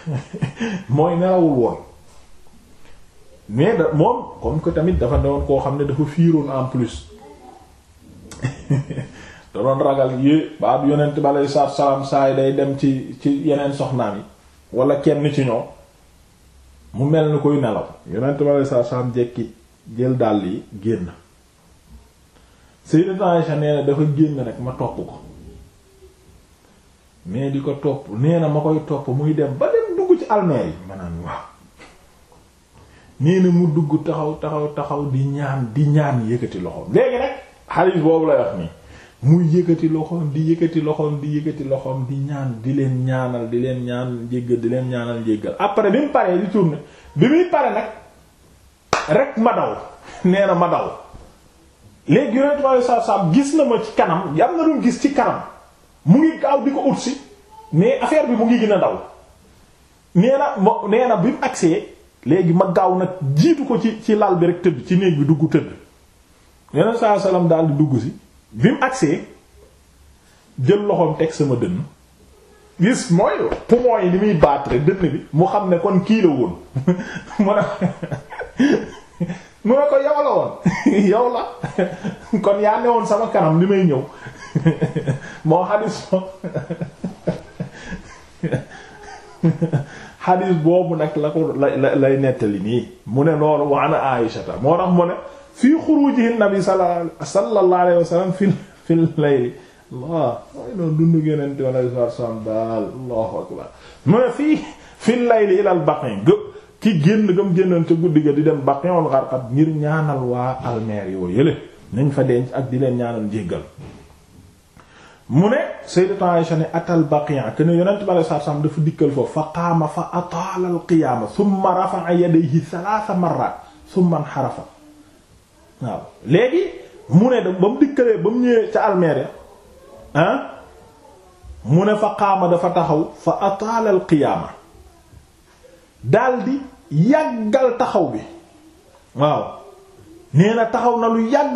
mooy nelawul woon mais da moom comme que tamit dafa newoon koo xam ne dafa fiiroon en plus da doon ragal yée ba ab yonent bi aleyhi salaam saa yi day dem ci ci yeneen soxnaam yi wala kenn ci ñoom mu mel ni kuy nelaw yonent bi aleyhi salaatu salaam jekki jël dàll yi génn Sayyidat Aisha nee na dafa génn rek ma topp ko mais di ko topp nee na ma koy topp muy dem ba dem dugg ci almeer yi ma waaw nee mu dugg taxaw taxaw taxaw di ñaan di ñaan yëkkati loxo léegi rek xaalis boobu lay wax nii muy yëkkati loxoom di yëkkati loxoom di yëkkati loxoom di ñaan di leen ñaanal di leen ñaan jéggal di leen ñaanal jéggal après bi mu paree di tourner bi muy pare nag rek ma daw nee na ma daw léegi yonent saa saam gis na ma ci kanam yam na doon gis ci kanam mu ngi gaaw di ko ut si mais affaire bi mu ngi gën a daw nee na mo nee bi mu agsee léegi ma gaaw nag jiitu ko ci ci lal bi rek tëdd ci néeg bi dugg tëdd yonent saa salaam daal di dugg si. bi mu agsee jël loxoom teg sama dënn gis mooy poumon yi li muy battre dënn bi mu xam ne kon kii la woon mu ne ko yow la woon yow la kon yaa ne woon sama kanam ni may ñëw moo xadis mo xadis boobu nag la ko la lay nettali nii mu ne loolu waana Aïsata moo tax mu ne fii xurujihi nabi sallallahu alayhi wa sallam fil fil layli Allah mooy noonu dundu Yonent bi alayhi salaam daal Allahu akbar mu ne fii fil layli ilal baqi ki génn gam génnoon ca guddi ga di dem Baqiul Gharqad ngir ñaanal waa almeer yoo yële nañ fa denc ak di leen ñaanal jéggal mu ne sayyidatu Aisha ne atal baqi'a ken yonent bi alayhi salaam dafa dikkal foofu fa qaama fa ataala al qiyaama thumma rafa'a yadayhi thalaatha marrat thumma inharafa waaw léegi mu ne ba mu dikkalee ba mu ñëwee ca almeere ah mu ne fa qaama dafa taxaw fa ataala al qiyaama daldi yàggal taxaw bi waaw nee na taxaw na lu yàgg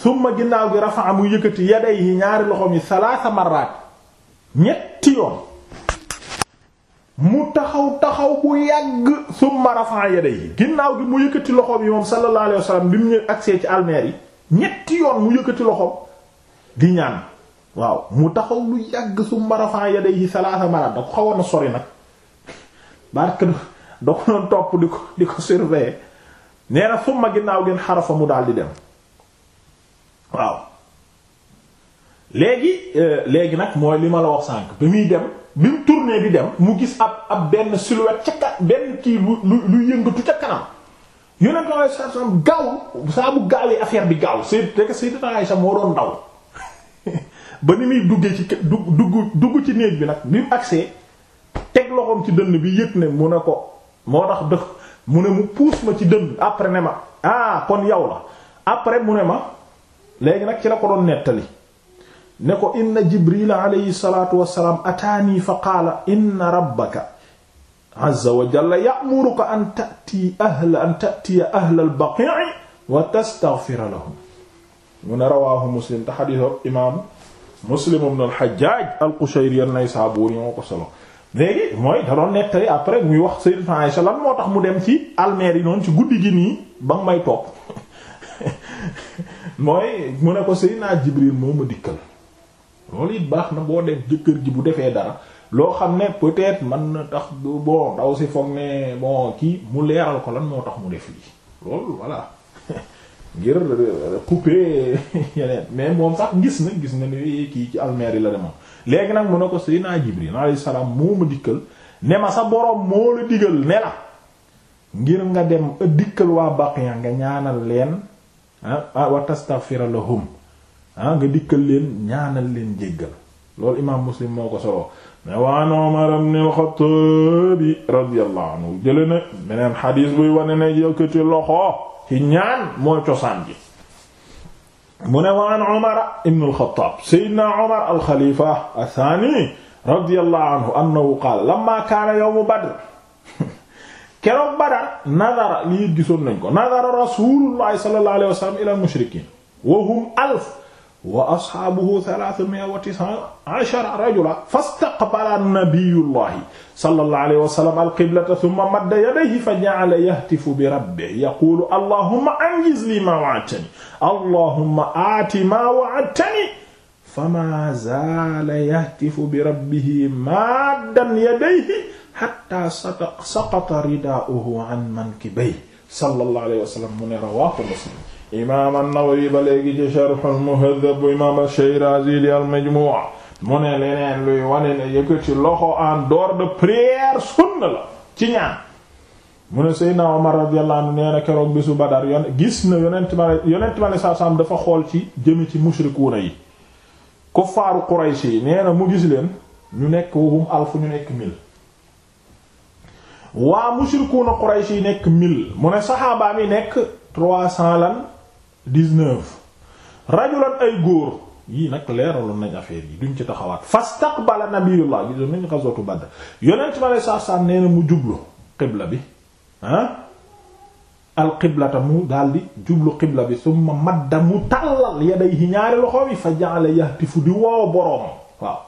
summa ginnaaw gi rafa'a mu yëkkati yi ñaari loxo yi salaasa marraat ñetti yoon mu taxaw taxaw bu yàgg summa rafa'a yi ginnaaw gi mu yëkkati loxoom yi moom sallallahu alayhi wasallam bi mu ñëw agsee ci almeer yi ñetti yoon mu yëkkati loxoom di ñaan waaw mu taxaw lu yàgg summa rafa'a yadayhi salaasa marat da ko xawoon na sori nag barke da ko doon topp di ko di ko surveiller nee na summa ginnaaw gi xarafa mu daal di dem waaw léegi euh, léegi nag mooy li ma la wax sànq bi muy dem. bi mu tourné di dem mu gis ab ab benn silhouette ca ka benn kii lu lu yëngatu ca kanam yonent Yàlla sallallahu alayhi wasallam gaaw saa bu gaawee affaire bi gaaw Sayyid rek Sayyidat Aisha moo doon daw ba ni muy duggee ci dugg dugg dugg ci néeg bi nag bi mu agsee teg loxoom ci dënn bi yëg ne mu ne ko moo tax dëkk mu ne mu puus ma ci dënn après ne ma ah kon yow la après mu ne ma léegi nag ci la ko doon nettali ne ko in jibril alayhi fa qaala inna rabbaka azza wa jalla ya'muruka an ta'ti ahla an ta'tiya ahla al-baqi'i wa tastaghfira lahum mu ne rawaahu muslim te xadiisu imaam muslim ibn al-Hajjaj al-Qushayri an ko solo léegi mooy da doon après muy wax Sayyidatuna Aisha lan moo tax mu dem ci almeer noonu ci guddi gi nii ba may topp mooy mu ne ko Sayyidina Jibril moo ma dikkal loolu it baax na boo def jëkkër ji bu defee dara loo xam ne peut-être man na tax boo bon daw si foog ne bon kii mu leeral ko lan moo tax mu def lii loolu voilà ngir euh, couper yeneen mais moom sax gis na gis nga ni kii ci almeeri la demoon léegi nag mu ne ko Seydina Jibril alayhi salaam moo ma dikkal ne ma sa boroom moo la digal ne la ngir nga dem dikkal waa Baqiya nga ñaanal leen ah wa tastaghfira lahum ah nga dikkal leen ñaanal leen jéggal loolu imaam muslim moo ko soloo ne waan Umar ibn al-Khattab radiyallahu anhu jële na beneen xadiis buy wane ne yëkkati loxo ci ñaan mooy cosaan ji mu ne waan Umar ibn al-Khattab sayyidina Umar al-Khalifa ath-thani radiyallahu anhu annahu qaala lamma kaana yawmu Badr keroog Badar nadara lii gisoon nañ ko nadara Rasulullah sallallahu alayhi wa sallam ila al-mushrikiin wa hum alf wa asxaabuhu salaasa mi'a wa tis'a ashara rajula fastaqbala nabiyullahi sallallahu alayhi wa sallam alqiblata thumma madda yadayhi fa ja'ala yahtifu bi rabbihi yaqulu allahumma anjiz li ma wa'adtani allahumma aati ma wa'adtani fama zaala yahtifu bi rabbihi maddan yadayhi hatta saqata ridaa'uhu an mankibayhi sallallahu alayhi wa sallam mu ne rawaahu muslim imaam an-Nawawi ba léegi ci Sharh al-Muhadhab bu imaam ash-Shirazi di al-Majmu' mu ne leneen luy wane ne yëkkati loxo en dehors de prière sunna la ci ñaan mu ne Seydina Omar radiyallahu anhu keroog bésu Badar yon gis na yonent ma yonent ma dafa xool ci jëmi ci mushrikuuna yi kuffaaru Quraysh yi nee na mu gis leen ñu nekk wahum alf ñu nekk mil waa mushrikuuna Quraysh nekk mil mu ne saxaabaa mi nekk trois cents lan dix ay góor yii nag leeraloon nañ affaire yi duñ ci taxawaat fastaqbala nabiyullah gisoon nañ ghazwatu Badr yonent bi alei satu selaam nee mu jublu qibla bi ah al qiblata mu daldi jublu qibla bi summa madda mu tàllal yadayhi ñaari loxo bi fa ja'ala yahtifu di woo boroomam waaw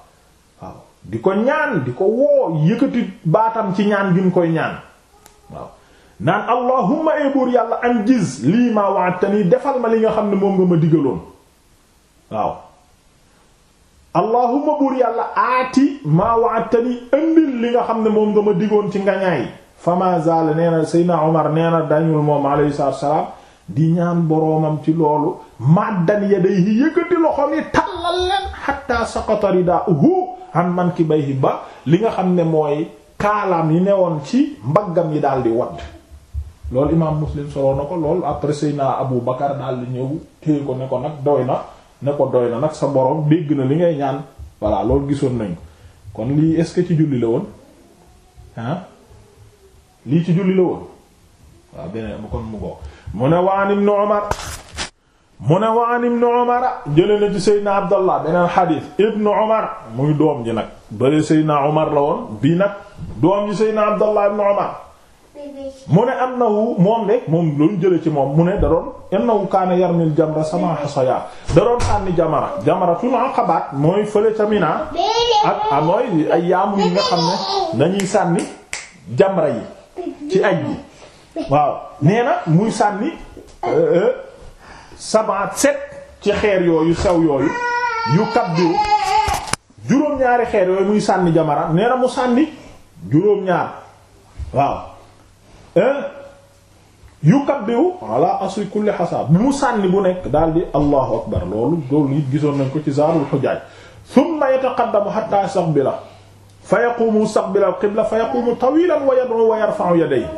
waaw di ko ñaan di ko woo yëkkati baatam ci ñaan gi koy ñaan waaw naan allahumma ay buur yàlla am gis lii maa wa'adtani defal ma li nga xam ne moom nga ma digaloon waaw allahumma buur yàlla aati maa wa'adtani indil li nga xam ne moom nga ma digoon ci ngañaay fama zaala nee na Seydina Omar nee na dañul moom alayhi salaatu di ñaan boroomam ci loolu maddan yadayhi yëkkati loxoom yi tallal leen hatta saqata ridaahu an mankibayhi ba li nga xam ne mooy kaalaam yi newoon ci mbaggam yi di wadd loolu imaam muslim soloo na ko lool après Seydina Abu Bakar daal di ñëw téye ko ne ko nag doy na ne ko doy na nag sa boroom dégg na li ngay ñaan voilà loolu gisoon nañ ko kon lii est ci julli la woon ah lii ci julli la woon waaw beneen kon mu ne waan ibnu Umar mu ne waan ibnu Umar jële na ci Seydina Abdallah beneen xadiis ibnu Umar muy doom ji nag bële Seydina Umar la woon bii nag doom ji Seydina Abdallah ibnu Umar mu ne am na wu moom de moom loolu jële ci moom mu ne da doon am na wu kaana yarmil jamra sama xasaya da doon sànni jamara jamaratul aqabaat mooy fële ca Mina ak ah, mooy ay yaamu yi nga xam ne dañuy sànni jamra yi ci aj yi waaw nee na muy sànni euh, euh, sabaat set ci xeer yooyu sew yooyu yu kabbiru juróom-ñaari xeer yooyu muy sànni jamara neena mu sànni juróom-ñaar waaw yukabbiru ala asli kulli xasaab mu sànni bu nekk daal di allahu akbar loolu loolu it gisoon nañ ko ci zaarul xujaaj thumma yataqaddamu hatta yastaqbila fa yaqumu mustaqbila al-qibla fa yaqumu tawilan wa yad'u wa yarfa'u yadayhi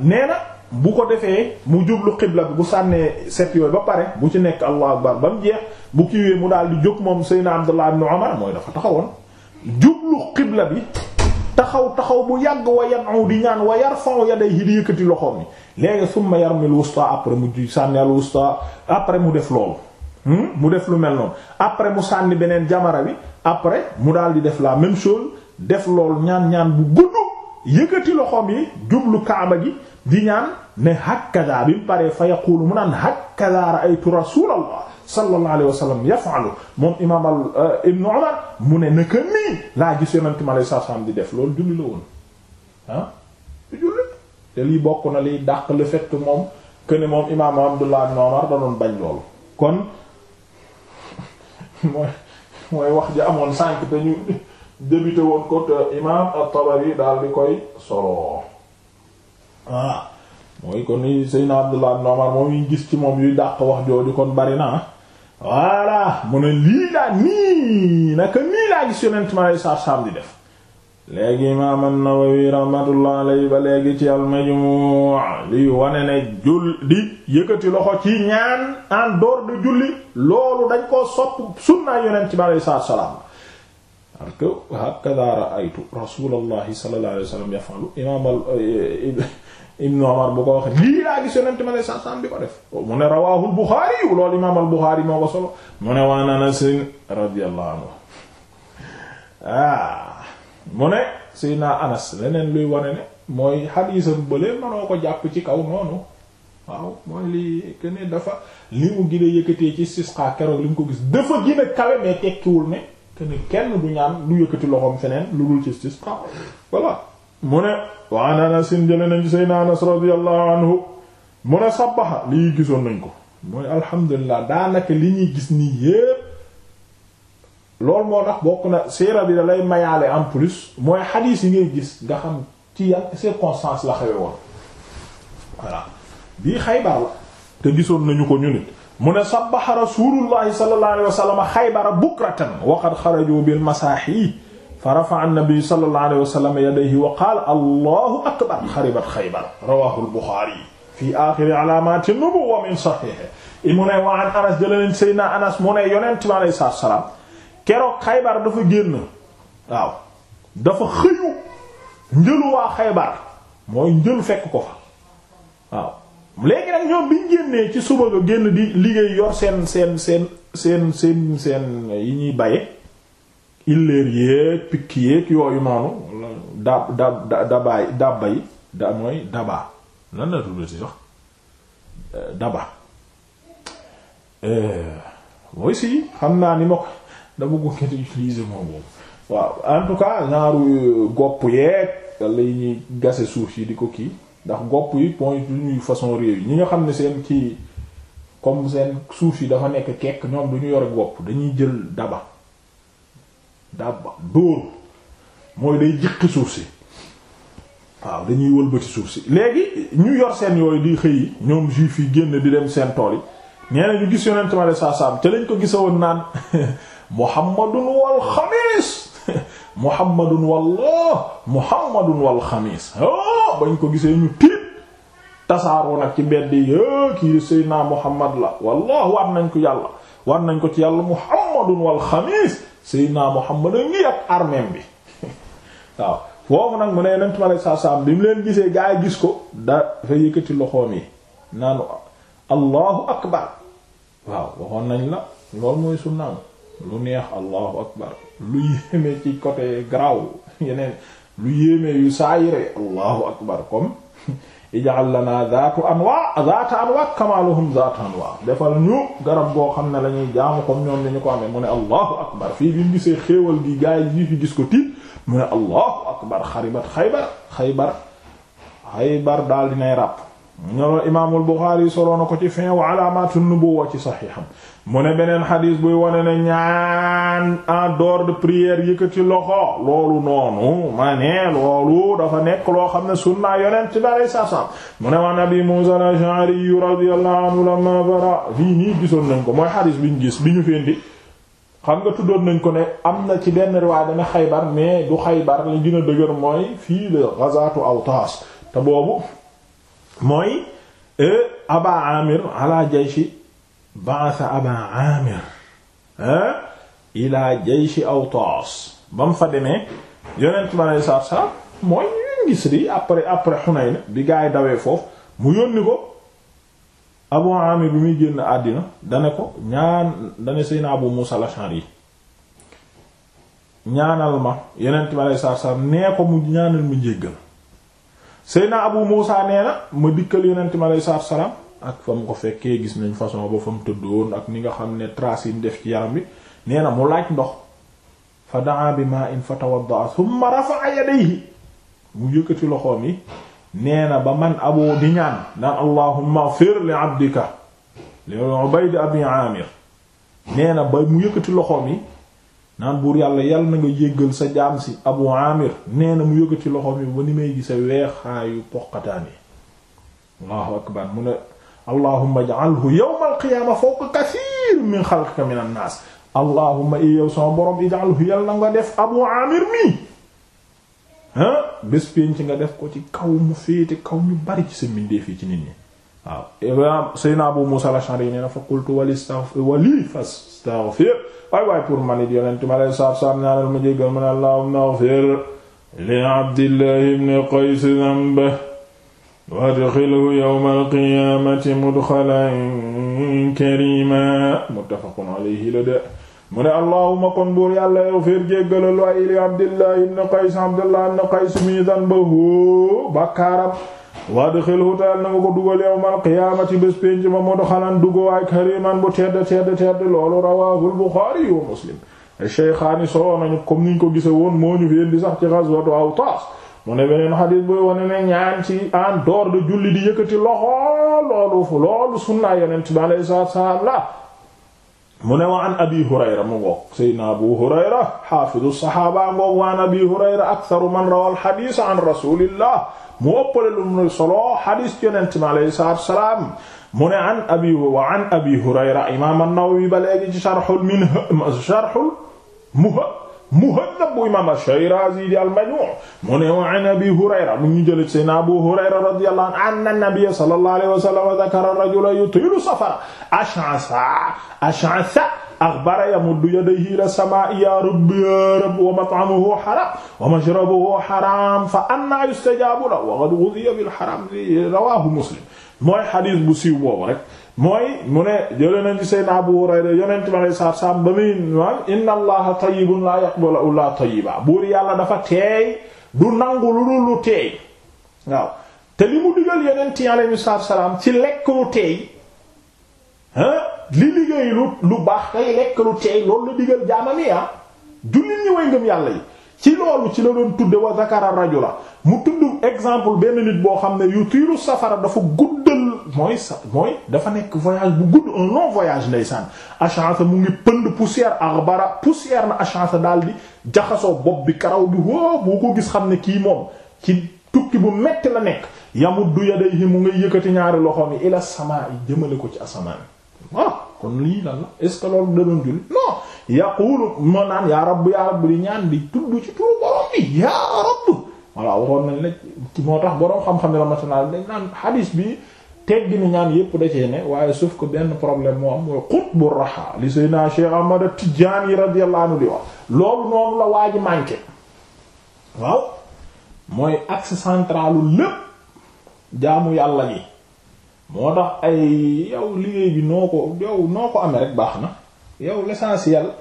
nee bu ko defee mu jublu xibla bi bu sànnee set yooyu ba pare bu ci nekk allahu akbar ba mu jeex bu kiiwee mu daal di jóg moom Seydina Abdullah ibn Umar mooy dafa taxawoon jublu qibla bi. taxaw taxaw bu yàgg wa yan aw di ñaan wa yarfa'u yadayhi di yëkkati loxoom ni léegi summa yarmil wusta après mu sànni al wusta après mu def loolu hmm? mu def lu mel noonu après mu sànni beneen jamara bi après mu daal di def la même chose def loolu ñaan ñaan bu gudd yëkkati loxoom yi jublu kaaba gi di ñaan ne hakkadaa bi mu paree fa yaqulu mu naan ay ra'aytu rasulallah sallallahu alayhi wa sallam yaf'alu moom imaam al euh, ibnu Umar mu ne naka nii laa gis yonent mi alayhi salaam di def loolu julli la woon ah julli te lii bokk na liy dàq le fait que moom que ne moom imaam Abdullah ibnu Umar mooy wax ji amoon sànq te ñu débuté woon daal di koy solo kon ni Seydina Abdullah ibn moom yi gis ci moom yuy dàq wax jooju kon bari naa voilà mu ne lii laa nii naka nii laa gis yonent ma lay saar di def léegi imaam an-Nawawi rahmatullah alayhi ba léegi ci al-Majmu' liy wane ne jul di yëkkati loxo ci ñaan en dehors de julli loolu dañ koo sopp sunnaa yonent ma lay saar-salaam parce que hakadha ra'aytu rasulullahi sallallahu alayhi wasallam yaf'alu imaam eh, eh, Ibnu Umar bu ko waxee lii laa gis yonent ma ne saa saam di ko def mu ne rawaahul Buxaari yu loolu imaam al moo ko solo mu ne waan na radiyallahu anhu ah mu ne Seydina Anas leneen luy wane ne mooy xadiisam bële manoo ko jàpp ci kaw noonu waaw mooy lii que ne dafa li mu gën yëkkatee ci sisqa keroog li mu ko gis dafa gën kawe mais tekkiwul ne que kenn du ñaan du yëkkati loxoom feneen lu dul ci sisqa voilà. mu ne waan anasin jële nañ sayna anas radiyallahu anhu mu ne sabaxa lii gisoon nañ ko mooy alhamdulilah daanaka li ñuy gis nii yépp loolu moo tax bokk na siira bi da mayaale en plus mooy xadiis yi ngay gis nga xam ci yan circonstance la xewe woon voilà bii xaybar la te gisoon nañu ko ñu nit mu ne sabaxa rasulullahi sallallahu alayhi wa sallam xaybara bukratan waqad xaraju bil masaahi fa rafa'a allahu akbar xaribat xaybar rawahu al fi aaxiri alaamaati nubuwwa min saxiixihi mu ne wa an anas jëlaleen seydina anas mu ne yonent bi alayhi salaatu wa salaam keroog xaybar dafa génn waaw dafa xëyu njëlu waa xaybar mooy njël fekk ko fa waaw léegi nag ñoom biñ génnee ci suba nga génn di liggéey yor seen seen seen seen seen seen yi ñuy baye illeer yéeg pikk yéeg yooyu noonu dab dab dabaay dàbba yi da mooy daba lan la tudd ci sax euh, daba euh, mooy si xam naa ni ma ko dama gunge di utiliser boobu waaw en tout cas ñaaru euh, gopp yeeg la ñuy gase suuf yi di ko kii ndax gopp yi point yu ñuy façon réew yi ñi nga xam ne seen kii comme seen suuf yi dafa nekk kekk ñoom du ñu yore gopp dañuy jël daba dabba dóor mooy day jiqi suuf si waaw dañuy wëlbati suuf si léegi ñu yor seen yooyu di xëy ñoom juif yi génn di dem seen tool yi nee na ñu gis yonent ma saa saam te lañ ko gisawoon naan muhammadun wal xamiis muhammadun wallah muhammadun wal xamiis oh ko gisee ñu tiit tasaaroo nag ci mbedd yi kii Seydina muhammad la wallah war nañ ko yàlla war nañ ko ci yàlla muhammadun wal xamiis Seydina Muhammad a ngi ak armeem bi waaw foofu nag mu ne yonent mi alayhi bi mu leen gisee gaa yi gis ko dafa yëkkati loxoom yi naanu allahu akbar waaw waxoon nañ la loolu mooy sunnaam lu neex allahu akbar lu yéeme ci côté graw yeneen lu yéeme yu saayire allahu akbar comme ij'al lana zaatu anwa zaata anwa kama lahum zaatu anwa defal ñu garab goo xam ne la ñuy jaamu comme ñoom ni ñu ko amee mu ne allahu akbar fii bi mu gisee xéewal gi gaa yi fi gis ko tiit mu ne allahu akbar xaribat xaybar xaybar xaybar daal dinay ràpp ñolo imaamul Buxaari soloo na ko ci fin wa alaamatu nubuwwa ci saxiixam mu ne beneen xadiis buy wone ne ñaan en dehors de prière yëkkati loxo loolu noonu ma ne loolu dafa nekk loo xam ne sunna yonent bi alayhi salaam mu ne wa Abi Muusaa al-Ash'ari radiyallahu anhu lamma bara lii nii gisoon nañ ko mooy xadiis bi ñu gis bi ñu di xam nga tuddoon nañ ko ne am na ci benn riwaay dana Xaybar mais du Xaybar li gën a dëgër mooy fii la gazaatu Awtaas te boobu mooy e, aba amir ala jayshi ba'atha aba amir e, ila jayshi awtaas ba mu fa demee yonent bi alei salaatu mooy ñu gis di après après Hunayn bi gaa yi dawee foofu mu yónni ko Abu Amir bi muy génn àddina dane ko ñaan dane Seydina Abu Muusa al-Ash'ari ñaanal ma yonent bi alei salaatu nee ko mu ñaanal mu njéggal Seyna Abu Muusa nee na ma dikkal yonent mi aleyhi salaatu salaam ak fa mu ko fekkee gis nañ façon ba fa mu tëddoon ak ni nga xam ne trace yi mu def ci yaram bi nee mu laaj ndox fa daa bi maa in fa tawadda thumma rafa'a yadayhi mu yëkkati loxoom yi nee na ba man abu di ñaan naan allahumma ighfir li abdika li ubayd abi aamir nee ba mu yëkkati loxoom yi naan buur yàlla yàlla na nga jéggal sa jaam si abu amir nee na mu yëkkati loxo mi ba ni may gise weexaayu poqataan yi allahu akbar mu ne allahumma ij'alhu yawmal qiyaama fawqa kathiir min xalqika min annaas allahumma yàlla nga def abu amir mii ah bés nga def ko ci kaw mu féete kaw ñu bari ci sa mbindeef yi ci nit ñi waaw imaam Seydina Abu Muusaa al-Ash'ari nee na fa qultu wali astaghfir wali fastaghfir waay waay pour man it yonent ma lay saab saab ñaanal ma jéggal ma ne allahumma ighfir li Abdillahi ibn Qays dhanbahu wadxilhu yawmal qiyaamati mudxalan kariiman muttafaqun alayhi la de mu ne allahumma kon buur yàlla ighfir jéggalal waay li Abdillahi ibn Qays Abdullah ibn Qays mi dhanbahu bakkaaram wadxilhu taal na nga ko dugal yawmal qiyaamati bés pénc ma mudxalan duguwaay kariman bu tedd tedd tedd loolu rawaahul Buxaari wa Muslim Shaykhaani solo nañu comme niñ ko gise woon moo fi indi sax ci ghazwatu Awtaas mu ne beneen xadiis buy wane ne ñaan ci en dehors de julli di yëkkati loxo loolu fu loolu sunna Yonent bi alayhi salaatu wa salaam la mu ne wa an abi hurayra mu ngoog saydna abu hurayra xaafidu saxaaba ngoog wa an abi hurayra aktharu man rawal xadiis an mu ëppale lu mu solo xadiis yonent mi alayhi salaatu salaam mu ne an abi wa an abi hurayra imaam an-nawawi ba léegi ci sharhul min sharhul muha muhadab bu imaam ash-shirazi di al-majmu' mu ne wa an abi hurayra mu ñu jële seen abu hurayra radiyallahu anhu anna nabiyya sallallahu alayhi wa sallam dhakara rajulan yutilu safara ash'asa ash'asa axbara yamuddu yadayhi ila samaa'i ya rabbi ya rabbi wa mat'amuhu haram wa mashrabuhu haram fa anna yustajabu lahu wa qad ghudiya bil haram rawahu muslim mooy xadiis bu siiw boobu rek mooy mu ne jëlee nañ ci Seydina Abu Hurayra yonent bi alayhi salaatu salaam ba muy inna allaha tayyibun laa yaqbalu illaa tayyiba buur yàlla dafa teey du nangu lu dul lu teey waaw te li mu digal yonent yi alayhi salaatu salaam ci lekk lu teey ah li liggéey lu baax tey lekk lu teey loolu la digal jaamami ah jullit ñi way ngëm yàlla yi ci loolu ci la doon tudde wa zakara la mu tudd exemple benn nit boo xam ne yu tiiru safara dafa guddal mooy sa mooy dafa nekk voyage bu gudd un long voyage ndeysaan achanca mu ngi pënd poussière axbara poussière na achanca daal di jaxasoo bopp bi karaw bi woo boo ko gis xam ne kii moom ci tukki bu metti la nekk du yamuddu yi mu ngay yëkkati ñaari loxoom yi ila samaa yi ko ci asamaan kon lii lan la est-ce que loolu da doon julli non yaqulu moo naan yaa rabb yaa rabb di ñaan bi tudd ci turu borom bi yaa rabb voilà waxoon nañ nag moo tax borom xam-xam ne la masanaa dañ naan hadis bi teggi ni ñaan yépp de cee waaye suuf ko benn problème moo am mooy xutbu raxa li Seydina Cheikh Ahmad Tidiane radiyallahu anhu di wax loolu noonu la waa ji waaw mooy axe central lépp jaamu yàlla gi moo tax ay yow liggéey bi noo ko yow noo ko ame rek baax na yow l'essentiel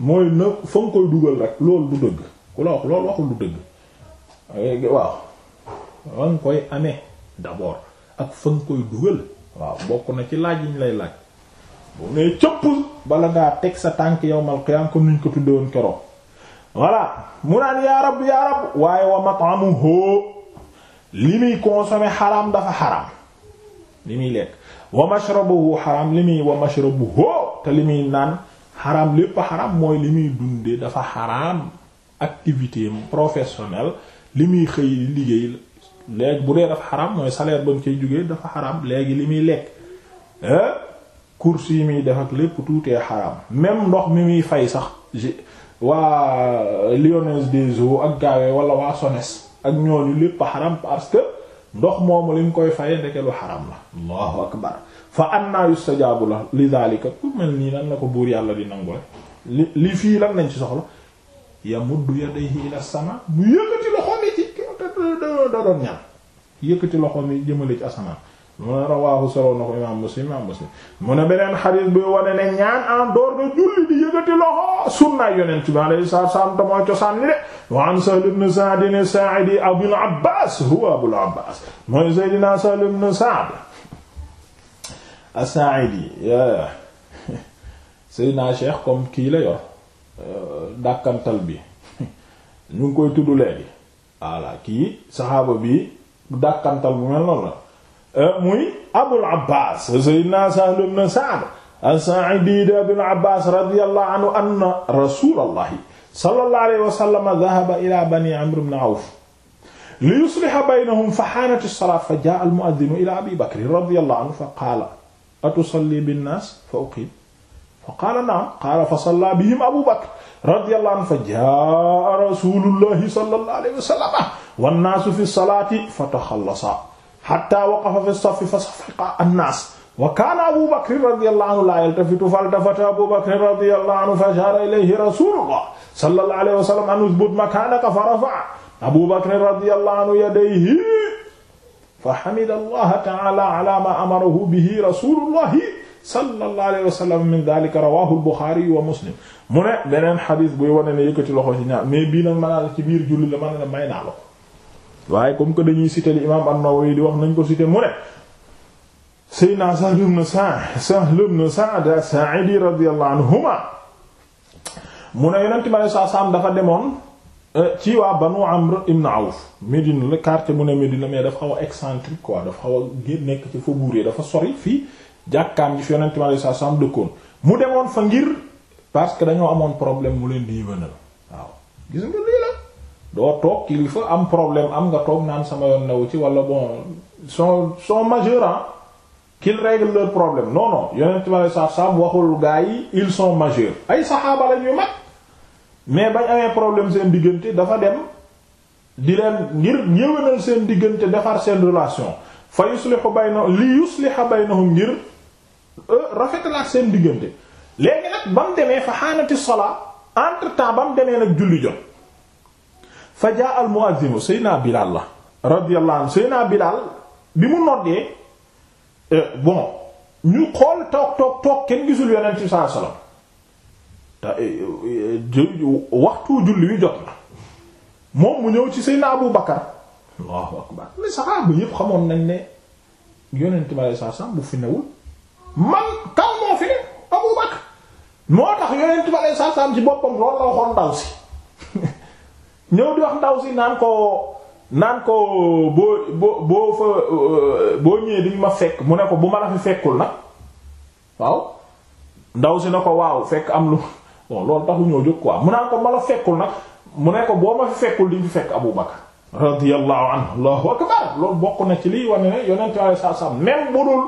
mooy na fa nga koy dugal rek loolu du dëgg ku la wax loolu du dëgg waaw fa koy amee d'abord ak fa nga koy dugal waaw bokk na ci laaj yi lay laaj bu nee cëpp bala ngaa teg sa tànk yow qiyaam comme niñ ko tudde woon keroog voilà mu naan yaa rab yaa rab waaye wa mat'amuhu li muy consommer xaraam dafa xaraam li muy lekk wa mashrabuhu xaram li muy wa mashrabuhu te li muy naan xaram lépp xaram mooy li muy dunde dafa xaram activité professionnel li muy xëy liggéey léegi bu dee dafa xaram mooy salaire ba mu cay jógee dafa xaram léegi li muy lekk course yi muy def ak lépp tuutee xaram même ndox mi muy fay sax waa Lyonnaise des Eaux ak gaawee wala waa SONES ak ñooñu lépp xaram parce que ndox moomu li nga koy faye ndeke lu xaram la allahu akbar fa anna yustajaabu la li daalika ku mel nii lan la ko buur yàlla di nangu rek li li fii lan lañ ci soxla yamuddu yadayhi ila sama mu yëkkati loxoom yi ci da doon ñaan yëkkati loxoom yi jëmale ci asamaan mu ne rawaahu solo na ko imaam muslim imaam muslim mu ne beneen xadiis buy wane ne ñaan en dehors julli di yëgati loxo sunnaay yonent bi alayhi salaam te mooy cosaan li de wa an Sahl ibn Sa'd as-Saa'idi Abul Abbaas huwa Abul Abbaas mooy Seydina comme kii la yor euh, dàkkantal bi ñu koy tudd léegi voilà kii saxaaba bi dàkkantal bu mel noonu la Euh, muy Abul Abbaas Sayyidina Sahl ibn Sa'd as-Sa'idi Abul Abbaas radiyallahu anhu anna Rasuulallahi sallallahu alayhi wa sallam dhahaba ila bani Amr ibn Awf li yusliha baynahum fa haanat as-salaat fa jaa'a al-mu'adhdhinu ila Abi Bakr radiyallahu anhu fa qaala atusalli bin-naas fa uqiim fa qaala na'am qaala fa sallaa bihim Abu Bakr radiyallahu anhu fa jaa'a Rasuulullahi sallallahu alayhi wa sallam wan-naasu fi as-salaati fa takhallasa hatta waqafa fi safi fa safiqa annaas wa kaana Abu Bakr radiyallahu anhu laa yaltafitu faltafata Abu Bakr radiyallahu anhu fa ashara ilayhi rasulullah sallallahu alayhi wa sallam an uthbut makaanaka fa rafa'a Abu Bakr radiyallahu anhu yadayhi fa hamida Allah ta'ala ala ma amarahu bihi rasulullah sallallahu alayhi wa sallam min dhalika rawahu al-Bukhari wa Muslim mu ne beneen xadis buy wane ne yëkkati loxo ci ñaar mais bii nag mën naa la ci biir julli la mën na la may naa la ko waaye comme que dañuy citer li imaam an-Nawawi di wax nañ ko citer mu ne Seydina Sahl ibn Sa'd Sahl ibn Sa'd as-Sa'idi radiyallahu anhuma mu ne yonent bi saa saam dafa demoon euh, ci waa Banu Amr ibn Awf Médine la quartier mu ne Médine mais dafa xaw a excentrique quoi dafa xaw a gén nekk ci faubourg dafa sori fii jàkkaan ji fi yonent bi saa saam dëkkoon mu demoon fa ngir parce que dañoo amoon problème mu leen di yëngal waaw gis nga lii la. doo toog kilifa am problème am nga toog naan sama yoon newu ci wala bon son son majeurs qu'ils règlent leur problème non non yonent ma lay saaf saaf waxul gaa yi il sont majeurs ay saxaaba la ñuy mag mais bañ amee problème seen diggante dafa dem di leen ngir ñëwénal seen diggante defar seen relation fa bay bayna li yusliha baynahum ngir euh, rafetal ak seen diggante léegi nag ba mu demee fa xaanati sola entre temps ba mu demee nag julli jot fa jaa al muazzinu Seydina Bilal la radiyallahu anhu Seydina Bilal bi mu noddee eh, bon ñu xool toog toog toog kenn gisul yonent bi sallallahu eh, eh, waxtu julli wi jot na moom mu ñëw ci Seydina Abu Bakar allahu akbar mais saxaaba yépp xamoon nañ ne yonent bi sallallahu alayhi bu fi newul man kan moo fi Abu Bakar moo tax yonent bi sallallahu alayhi ci boppam loolu la waxoon ndaw si ñëw di wax ndaw si naan ko naan ko boo boo boo fa euh, boo ñëwee di ma fekk mu ne ko bu ma la fi fekkul nag waaw ndaw si na ko waaw fekk am lu bon loolu taxu mu naan ko ma la nag mu ne ko boo ma fi fekkul di fi fekk Abu Bakar radiyallahu anhu loolu bokk na ci liy wane ne yonent sallallahu alayhi wasallam même bu dul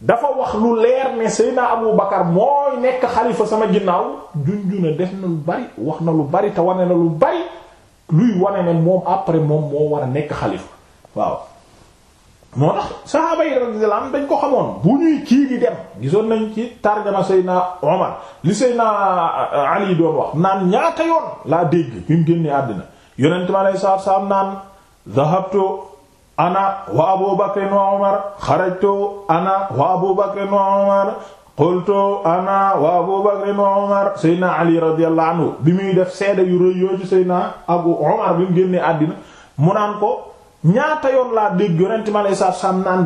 dafa wax lu leer ne naa Abu Bakar mooy nekk xalifa sama ginnaaw june def na lu bari wax na lu bari te wane na lu bari luy wane ne moom après moom moo war a nekk xalifa waaw moo tax saxaaba yi radiyallahu anhum dañ ko xamoon bu ñuy kii di dem gisoon nañ ci tarjama Seydina Omar li Seydina Ali doon wax naan ñaata yoon laa dégg bi génnee àddina yonent ma lay saab saab naan dhahabtu ana wa Abu Bakr wa Omar xarajtu ana wa Abu Bakr wa Omar qultu ana wa abu bakr wa umar seydna ali radiyallahu bi muy def seede yu rëy yooyu seydna abu umar bi mu àddina mu naan ko ñaata yoon laa dégg yonent mi aleyhi salaatu naan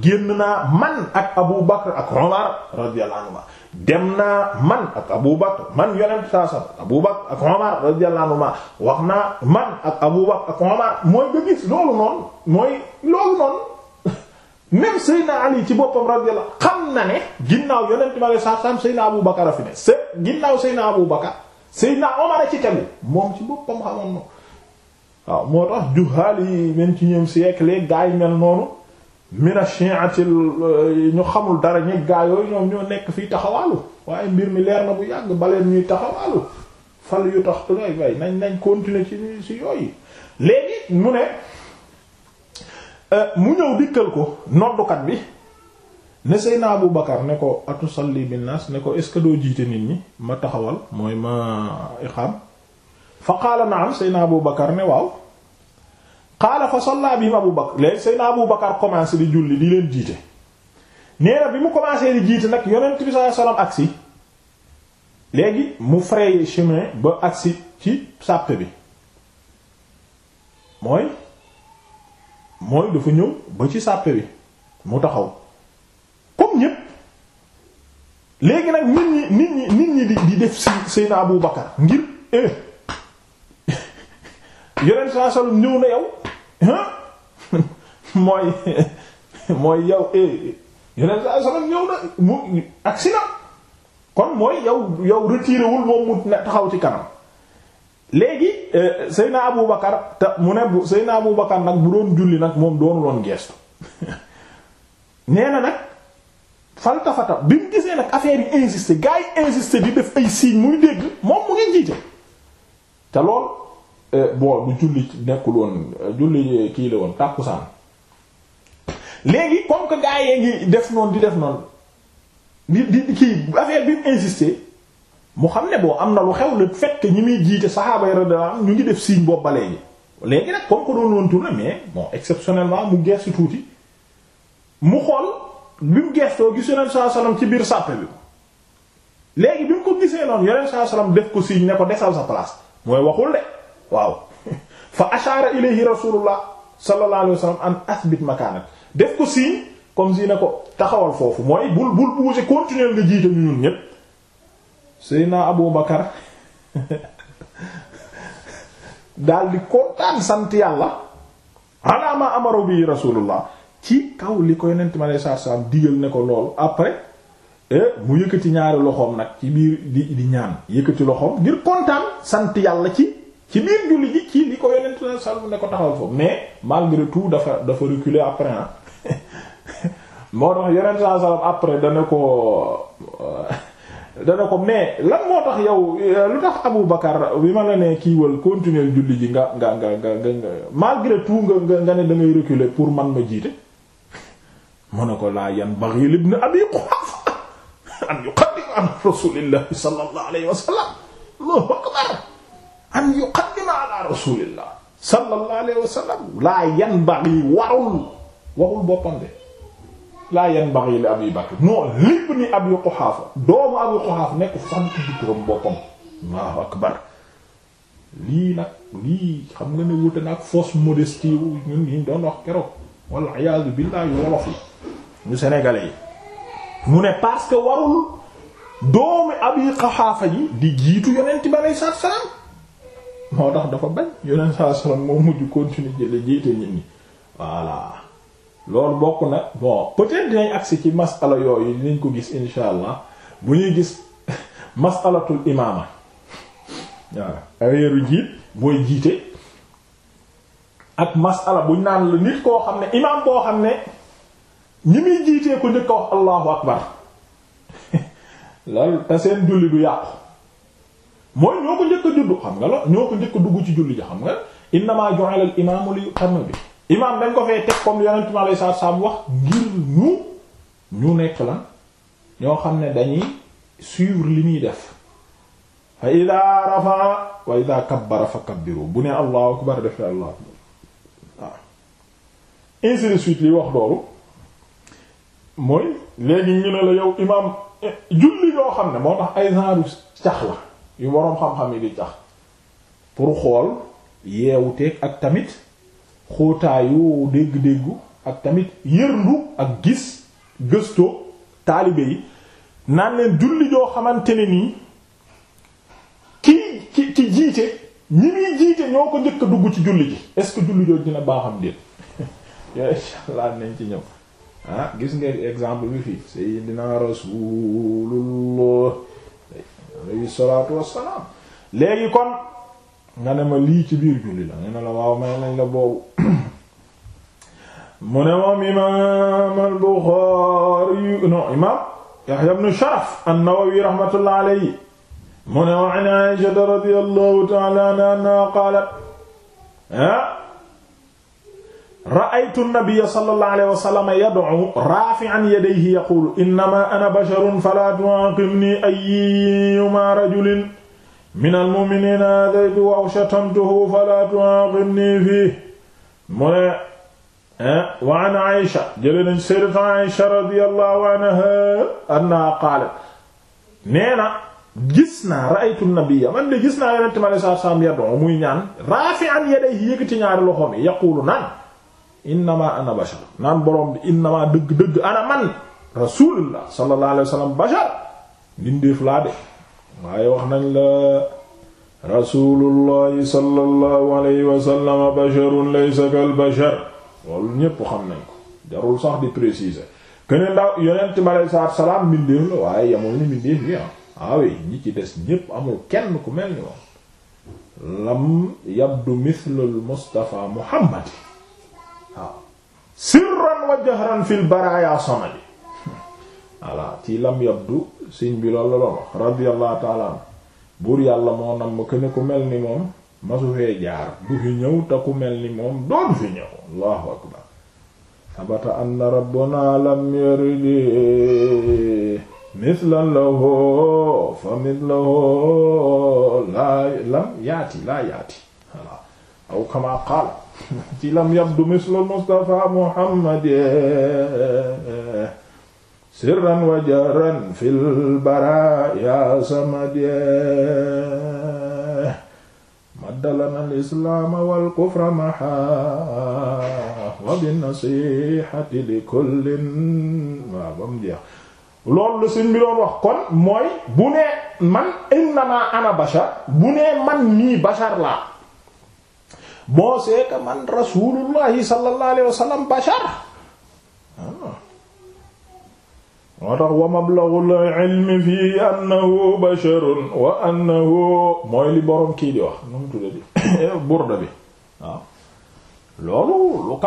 génn naa man ak abu bakr ak umar radiyallahu anhuma dem naa man ak abu bakr man yonent saa abu bakr ak umar radiyallahu anhuma wax naa man ak abu bakr ak umar mooy ba gis loolu noonu mooy loolu noonu même Seydina Ali ci boppam la xam na ne ginnaaw yonent ma le saam Seydina Abu Bakar a fi ne se ginnaaw Seydina Abu Bakar Seydina Omar a ci tegu moom ci boppam xamoon na waaw moo tax juhaal yi vingt-et-unième siècle les gaa yi mel noonu mina shi'ati ñu xamul dara ñi gaa yooyu ñoom ñoo nekk fii taxawaalu waaye mbir mi leer na bu yàgg baleen ñuy taxawaalu fal yu tax way way nañ nañ continuer ci si yooyu léegi mu ne Euh, mu ñëw dikkal ko noddukat bi ne sey Seyna Abu Bakar ne ko atusalli binnaas ne ko est ce que doo jiite nit ñi ma taxawal mooy ma iqaam fa qaala naam Seyna Abu Bakar ne waaw qaala fa salla bihim Abu Bakar léegi Seyna Abu Bakar commencé di julli di leen jiite nee bi mu commencé di jiite nag yonent bi sallallahu alayhi wasallam agsi léegi mu fraye chemin ba agsi ci sàppe bi mooy mooy dafa ñëw ba ci sàppe bi mu taxaw comme ñépp léegi nag nit ñi nit ñi nit ñi di def si Seyna Abu Bakar ngir eh yeneen saa salum ñëw na yow mooy mooy yow eh saa salum ñëw na mu agsi na kon mooy yow yow retiré wul moom mu taxaw ci kanam. léegi euh, Seyna Aboubacar te mu ne bu Seyna Aboubacar nag bu doon julli nag moom doonu loon geestu nee na nag faltafata bi mu gisee nag affaire yi insister gars yi insister di def ay signes muy dégg moom mu ngi jiite te lool euh, bon du julli nekkul woon euh, julli kii la woon tàkkusaan léegi comme que gars yee ngi def noonu di def noonu di di kii affaire bi mu insister mu xam ne boo am na lu xew le fait que ñi muy jiite saxaaba yi radiyallahu anhum ñu ngi def signe boobu ba léegi léegi nag comme ko doon woon tourné mais bon exceptionnellement mu geestu tuuti mu xool bi mu geestoo gis yonent saa salaam ci biir sàppe bi léegi bi mu ko gisee noonu yonent saa salaam def ko signe ne ko desal sa place mooy waxul de waaw fa ashara ilayhi rasulullah sallallahu alayhi wasallam an asbit makanak def ko signe comme si ne ko taxawal foofu mooy bul bul bouger continuer ñu Seydina Abu Bakar daal di kontaan sant yàlla alaama amaro bi rasulullah ci kaw li koy nent ma lay saar saam digal ne ko loolu après eh, mu yëkkati ñaari loxoom nag ci biir di di ñaan yëkkati loxoom ngir kontaan sant yàlla ci ci biir julli ji ci li ko yonent na salm ne ko taxawal foofu mais malgré tout dafa dafa reculer après ah moo tax yonent na salm après dana ko euh, dana ko mais lan moo tax yow euh, lu tax Abu Bakar bi ma la nee kiiwal continuer julli ji nga nga nga nga nga malgré nga nga ne da reculer pour man ma jiite mu ne ko laa yan baghi ibn Abi Quhafa an yuqaddima ala rasulillahi sallallahu alayhi wa sallam laa yan baghi warul warul boppam bi laa yanbaghi li Abi Bakr non libni Abi Quhafa doomu Abi Quhafa nekk sax mu tudd turam boppam Allahu akbar lii nag lii xam nga ne wute nag fausse modestie wu ñun ñu doon wax keroog wal iyaazu billahi wolof yi ñu sénégalais yi mu ne parce que warul doomu Abi Quhafa ji di jiitu yonent bi alayhi salaatu salaam moo tax dafa bañ yonent salaatu salaam moo mujj continuer jële jiite nit ñi voilà loolu bokk na bon peut-être dinañ agsi ci masala yooyu dinañ ko gis insha bu ñuy gis masalatul imaama waaw aweeru jiit mooy jiite ak masala buñ naan la nit koo xam ne imaam boo xam ne ñi muy jiitee ko njëkk a wax allahu akbar loolu te seen julli du yàqu mooy ñoo ko njëkk juddu xam nga la ñoo ko njëkk dugg ci julli ji xam nga innamaa ju'ala al imaamu li yutamma bi imaam dañ ko fee teg comme yonent mi alayhi salaatu salaam wax ngir ñu ñu nekk la ñoo xam ne dañuy suivre li ñuy def fa idaa rafa'a wa idaa kabbara fa kabbiru bu ne allahu akbar defee allah waaw ainsi de suite li wax loolu mooy léegi ñu ne la yow imaam eh, julli ñoo xam ne moo tax ay genre cax la yu boroom xam-xam yi di cax pour xool yeewuteeg ak tamit xóotaayu dégg-déggu ak tamit yërndu ak gis gëstoo taalibe yi naan leen xamante ne nii kii ki ki jiite ñi muy jiite ñoo ko njëkk dugg ci julli ji est-ce que julli joo dina baaxam déet yooyu insha allah nañ ci ñëw ah, gis nga exemple bi fii Seydina Rasulullah alayhi salaatu wassalaam léegi kon nga ne ma lii ci biir julli la ne na la waaw may nañ la boobu mu ne moom imaam al-Buxaari non imaam Yahya ibn Sharaf an-Nawawi rahmatullah alayhi mu ne wa an Aisha radiyallahu ta'ala anha qaalat ah, ra'aytu an-nabiyya sallallahu alayhi wa sallam yad'u raafi'an yadayhi yaqulu innamaa ana basharun falaa tu'aaqibnii ayyumaa rajulin minal mu'miniina adaytu waw shatamtuhu falaa tu'aaqibnii fiihi mu ne eh, wa an Aysa jële nañ sayyidatu Aysa radiyallahu anha annahaa qaalat nee na gis naa ra'aytu nabiyya man de gis naa yonent mi alayhi salaatu salaam yad'uu muy ñaan raafi'an yadayhi yëkkati ñaari loxoom yi yaquulu naan innamaa ana bashar naan boroom bi innamaa dëgg dëgg ana man rasuulullah sallallahu alayhi wa sallam bashar mbindeef laa de waaye wax nañ la rasulullahi sallallahu alayhi wasallam basharun laysa kal bashar loolu ñépp xam nañ ko jarul sax di préciser keneen ndaw yonent mi salaam mbindeef la waaye yamul ni mbindeef yi ah waawe ah ñi ci des ñépp amul kenn ku mel ni moom lam yabdu mithlul mustafa muhammadi waaw ah. sirran wa jahran fil baraya samadi voilà ci lam yabdu siñ bi loolu la doon buur yàlla moo nam ko ku mel ni moom masu fee jaar du fi ñëw te ku mel ni moom dootu fi ñëw allahu akbar sabata anna rabbuna lam yaridi mislan lahu fa mislahu laa lam yaati laa yaati voilà aw kama qaala ci lam yabdu mislu mustafa muhammad sirran wa jaran fil bara ya samadee maddalana alislaam wal kufra maha wa bin nasihati li kullin waaw ba mu jeex loolu la sëñ bi doon wax kon mooy bu nee man innama ana bashar bu nee man nii bashar laa boo seeka man rasulullahi sallallahu alayhi wa sallam bashar ah. moo tax wa mablaghul ilmi fii annahu basharun kii di mu tudde di burda bi waaw loolu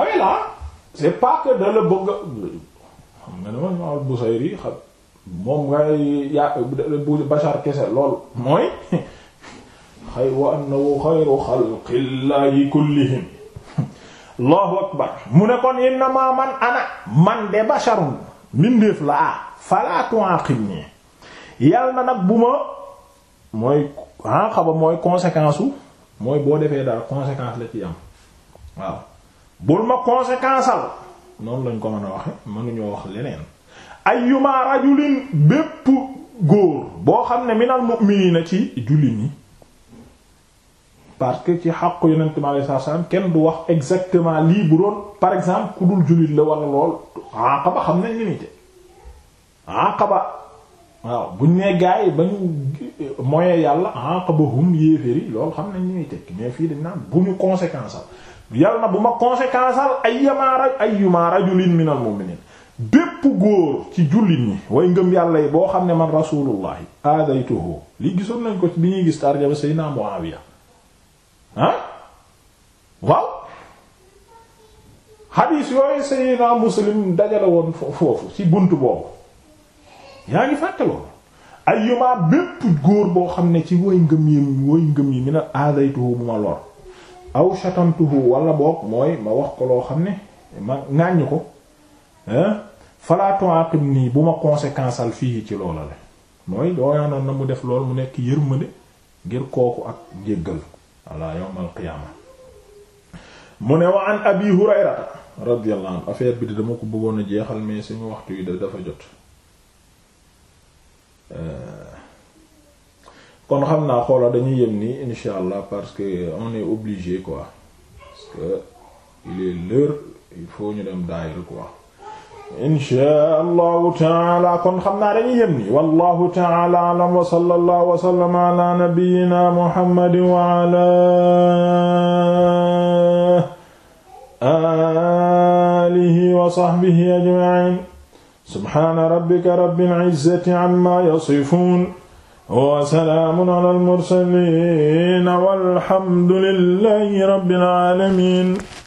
man maa Busayri xam moom kese loolu wa annahu xayru xalqillahi kullihim allahu mu ne kon inna ma man ana man de basharun mbindeef la ah fala tu'aqibni yàlla na nag bu ma mooy aqaba ah, mooy conséquence su mooy boo defee daal conséquence la ci am waaw bul ma conséquence al noonu lañ ko mën a waxe mënuñoo wax leneen ayyuma rajulin bépp góor boo xam ne minal na ci jullit ñi parce que ci xàqu yonent bi alayhi salaam kenn bu wax exactement lii bu roon par exemple ku dul jullit la wala lool aqaba xam nañ limité aqaba waaw buñ nee gars yi ba ñu moye yàlla aqaba hum yéeféri lool xam nañ limité mais fii dañ naan bu ñu conséquence al yàlla na bu ma conséquence al ayyama ayyuma rajulin minal mu'minin bépp góor ci jullit ñi way ngëm yàlla yi boo xam ne man rasulullahi aadaytuhu lii gisoon nañ ko bi ñuy gis tarjaba sayna Muawiya ah waaw xadiis yooyu sayyidina muslim dajale woon foofu ci bunt boobu yaa ngi fàttaloon ayyuma bépp góor boo xam ne ci woy ngëm yi woy ngëm yi mi ne aadaytuhu bu ma lor aw shatamtuhu wala boog mooy ma wax ko loo xam ne ma ŋàññ ko falaato tu'aqib nii bu ma conséquence al fii ci loola la mooy doo na mu def lool mu nekk yërmande ngir kooku ak njéggal ala yawm al qiyaama mu ne wa an abi hurayrata radiyallahu anhu affaire bi de dama ko bëggoon a jeexal mais suñu waxtu yi da dafa jot euh, kon xam naa xoola dañuy yem ni insha allah parce que on est obligé quoi parce que il est l'heure il faut ñu dem daayira quoi inshaa allahu taala kon xam naa dañuy yem ni wallahu taala alam wa sallallahu wa sallama ala nabiyyina muhammadin wa ala alihi wa sahbihi ajma'in subhana rabbika rabbil izzati amma yasifun wa salaamun ala al mursalin walhamdulillahi rabbil alamin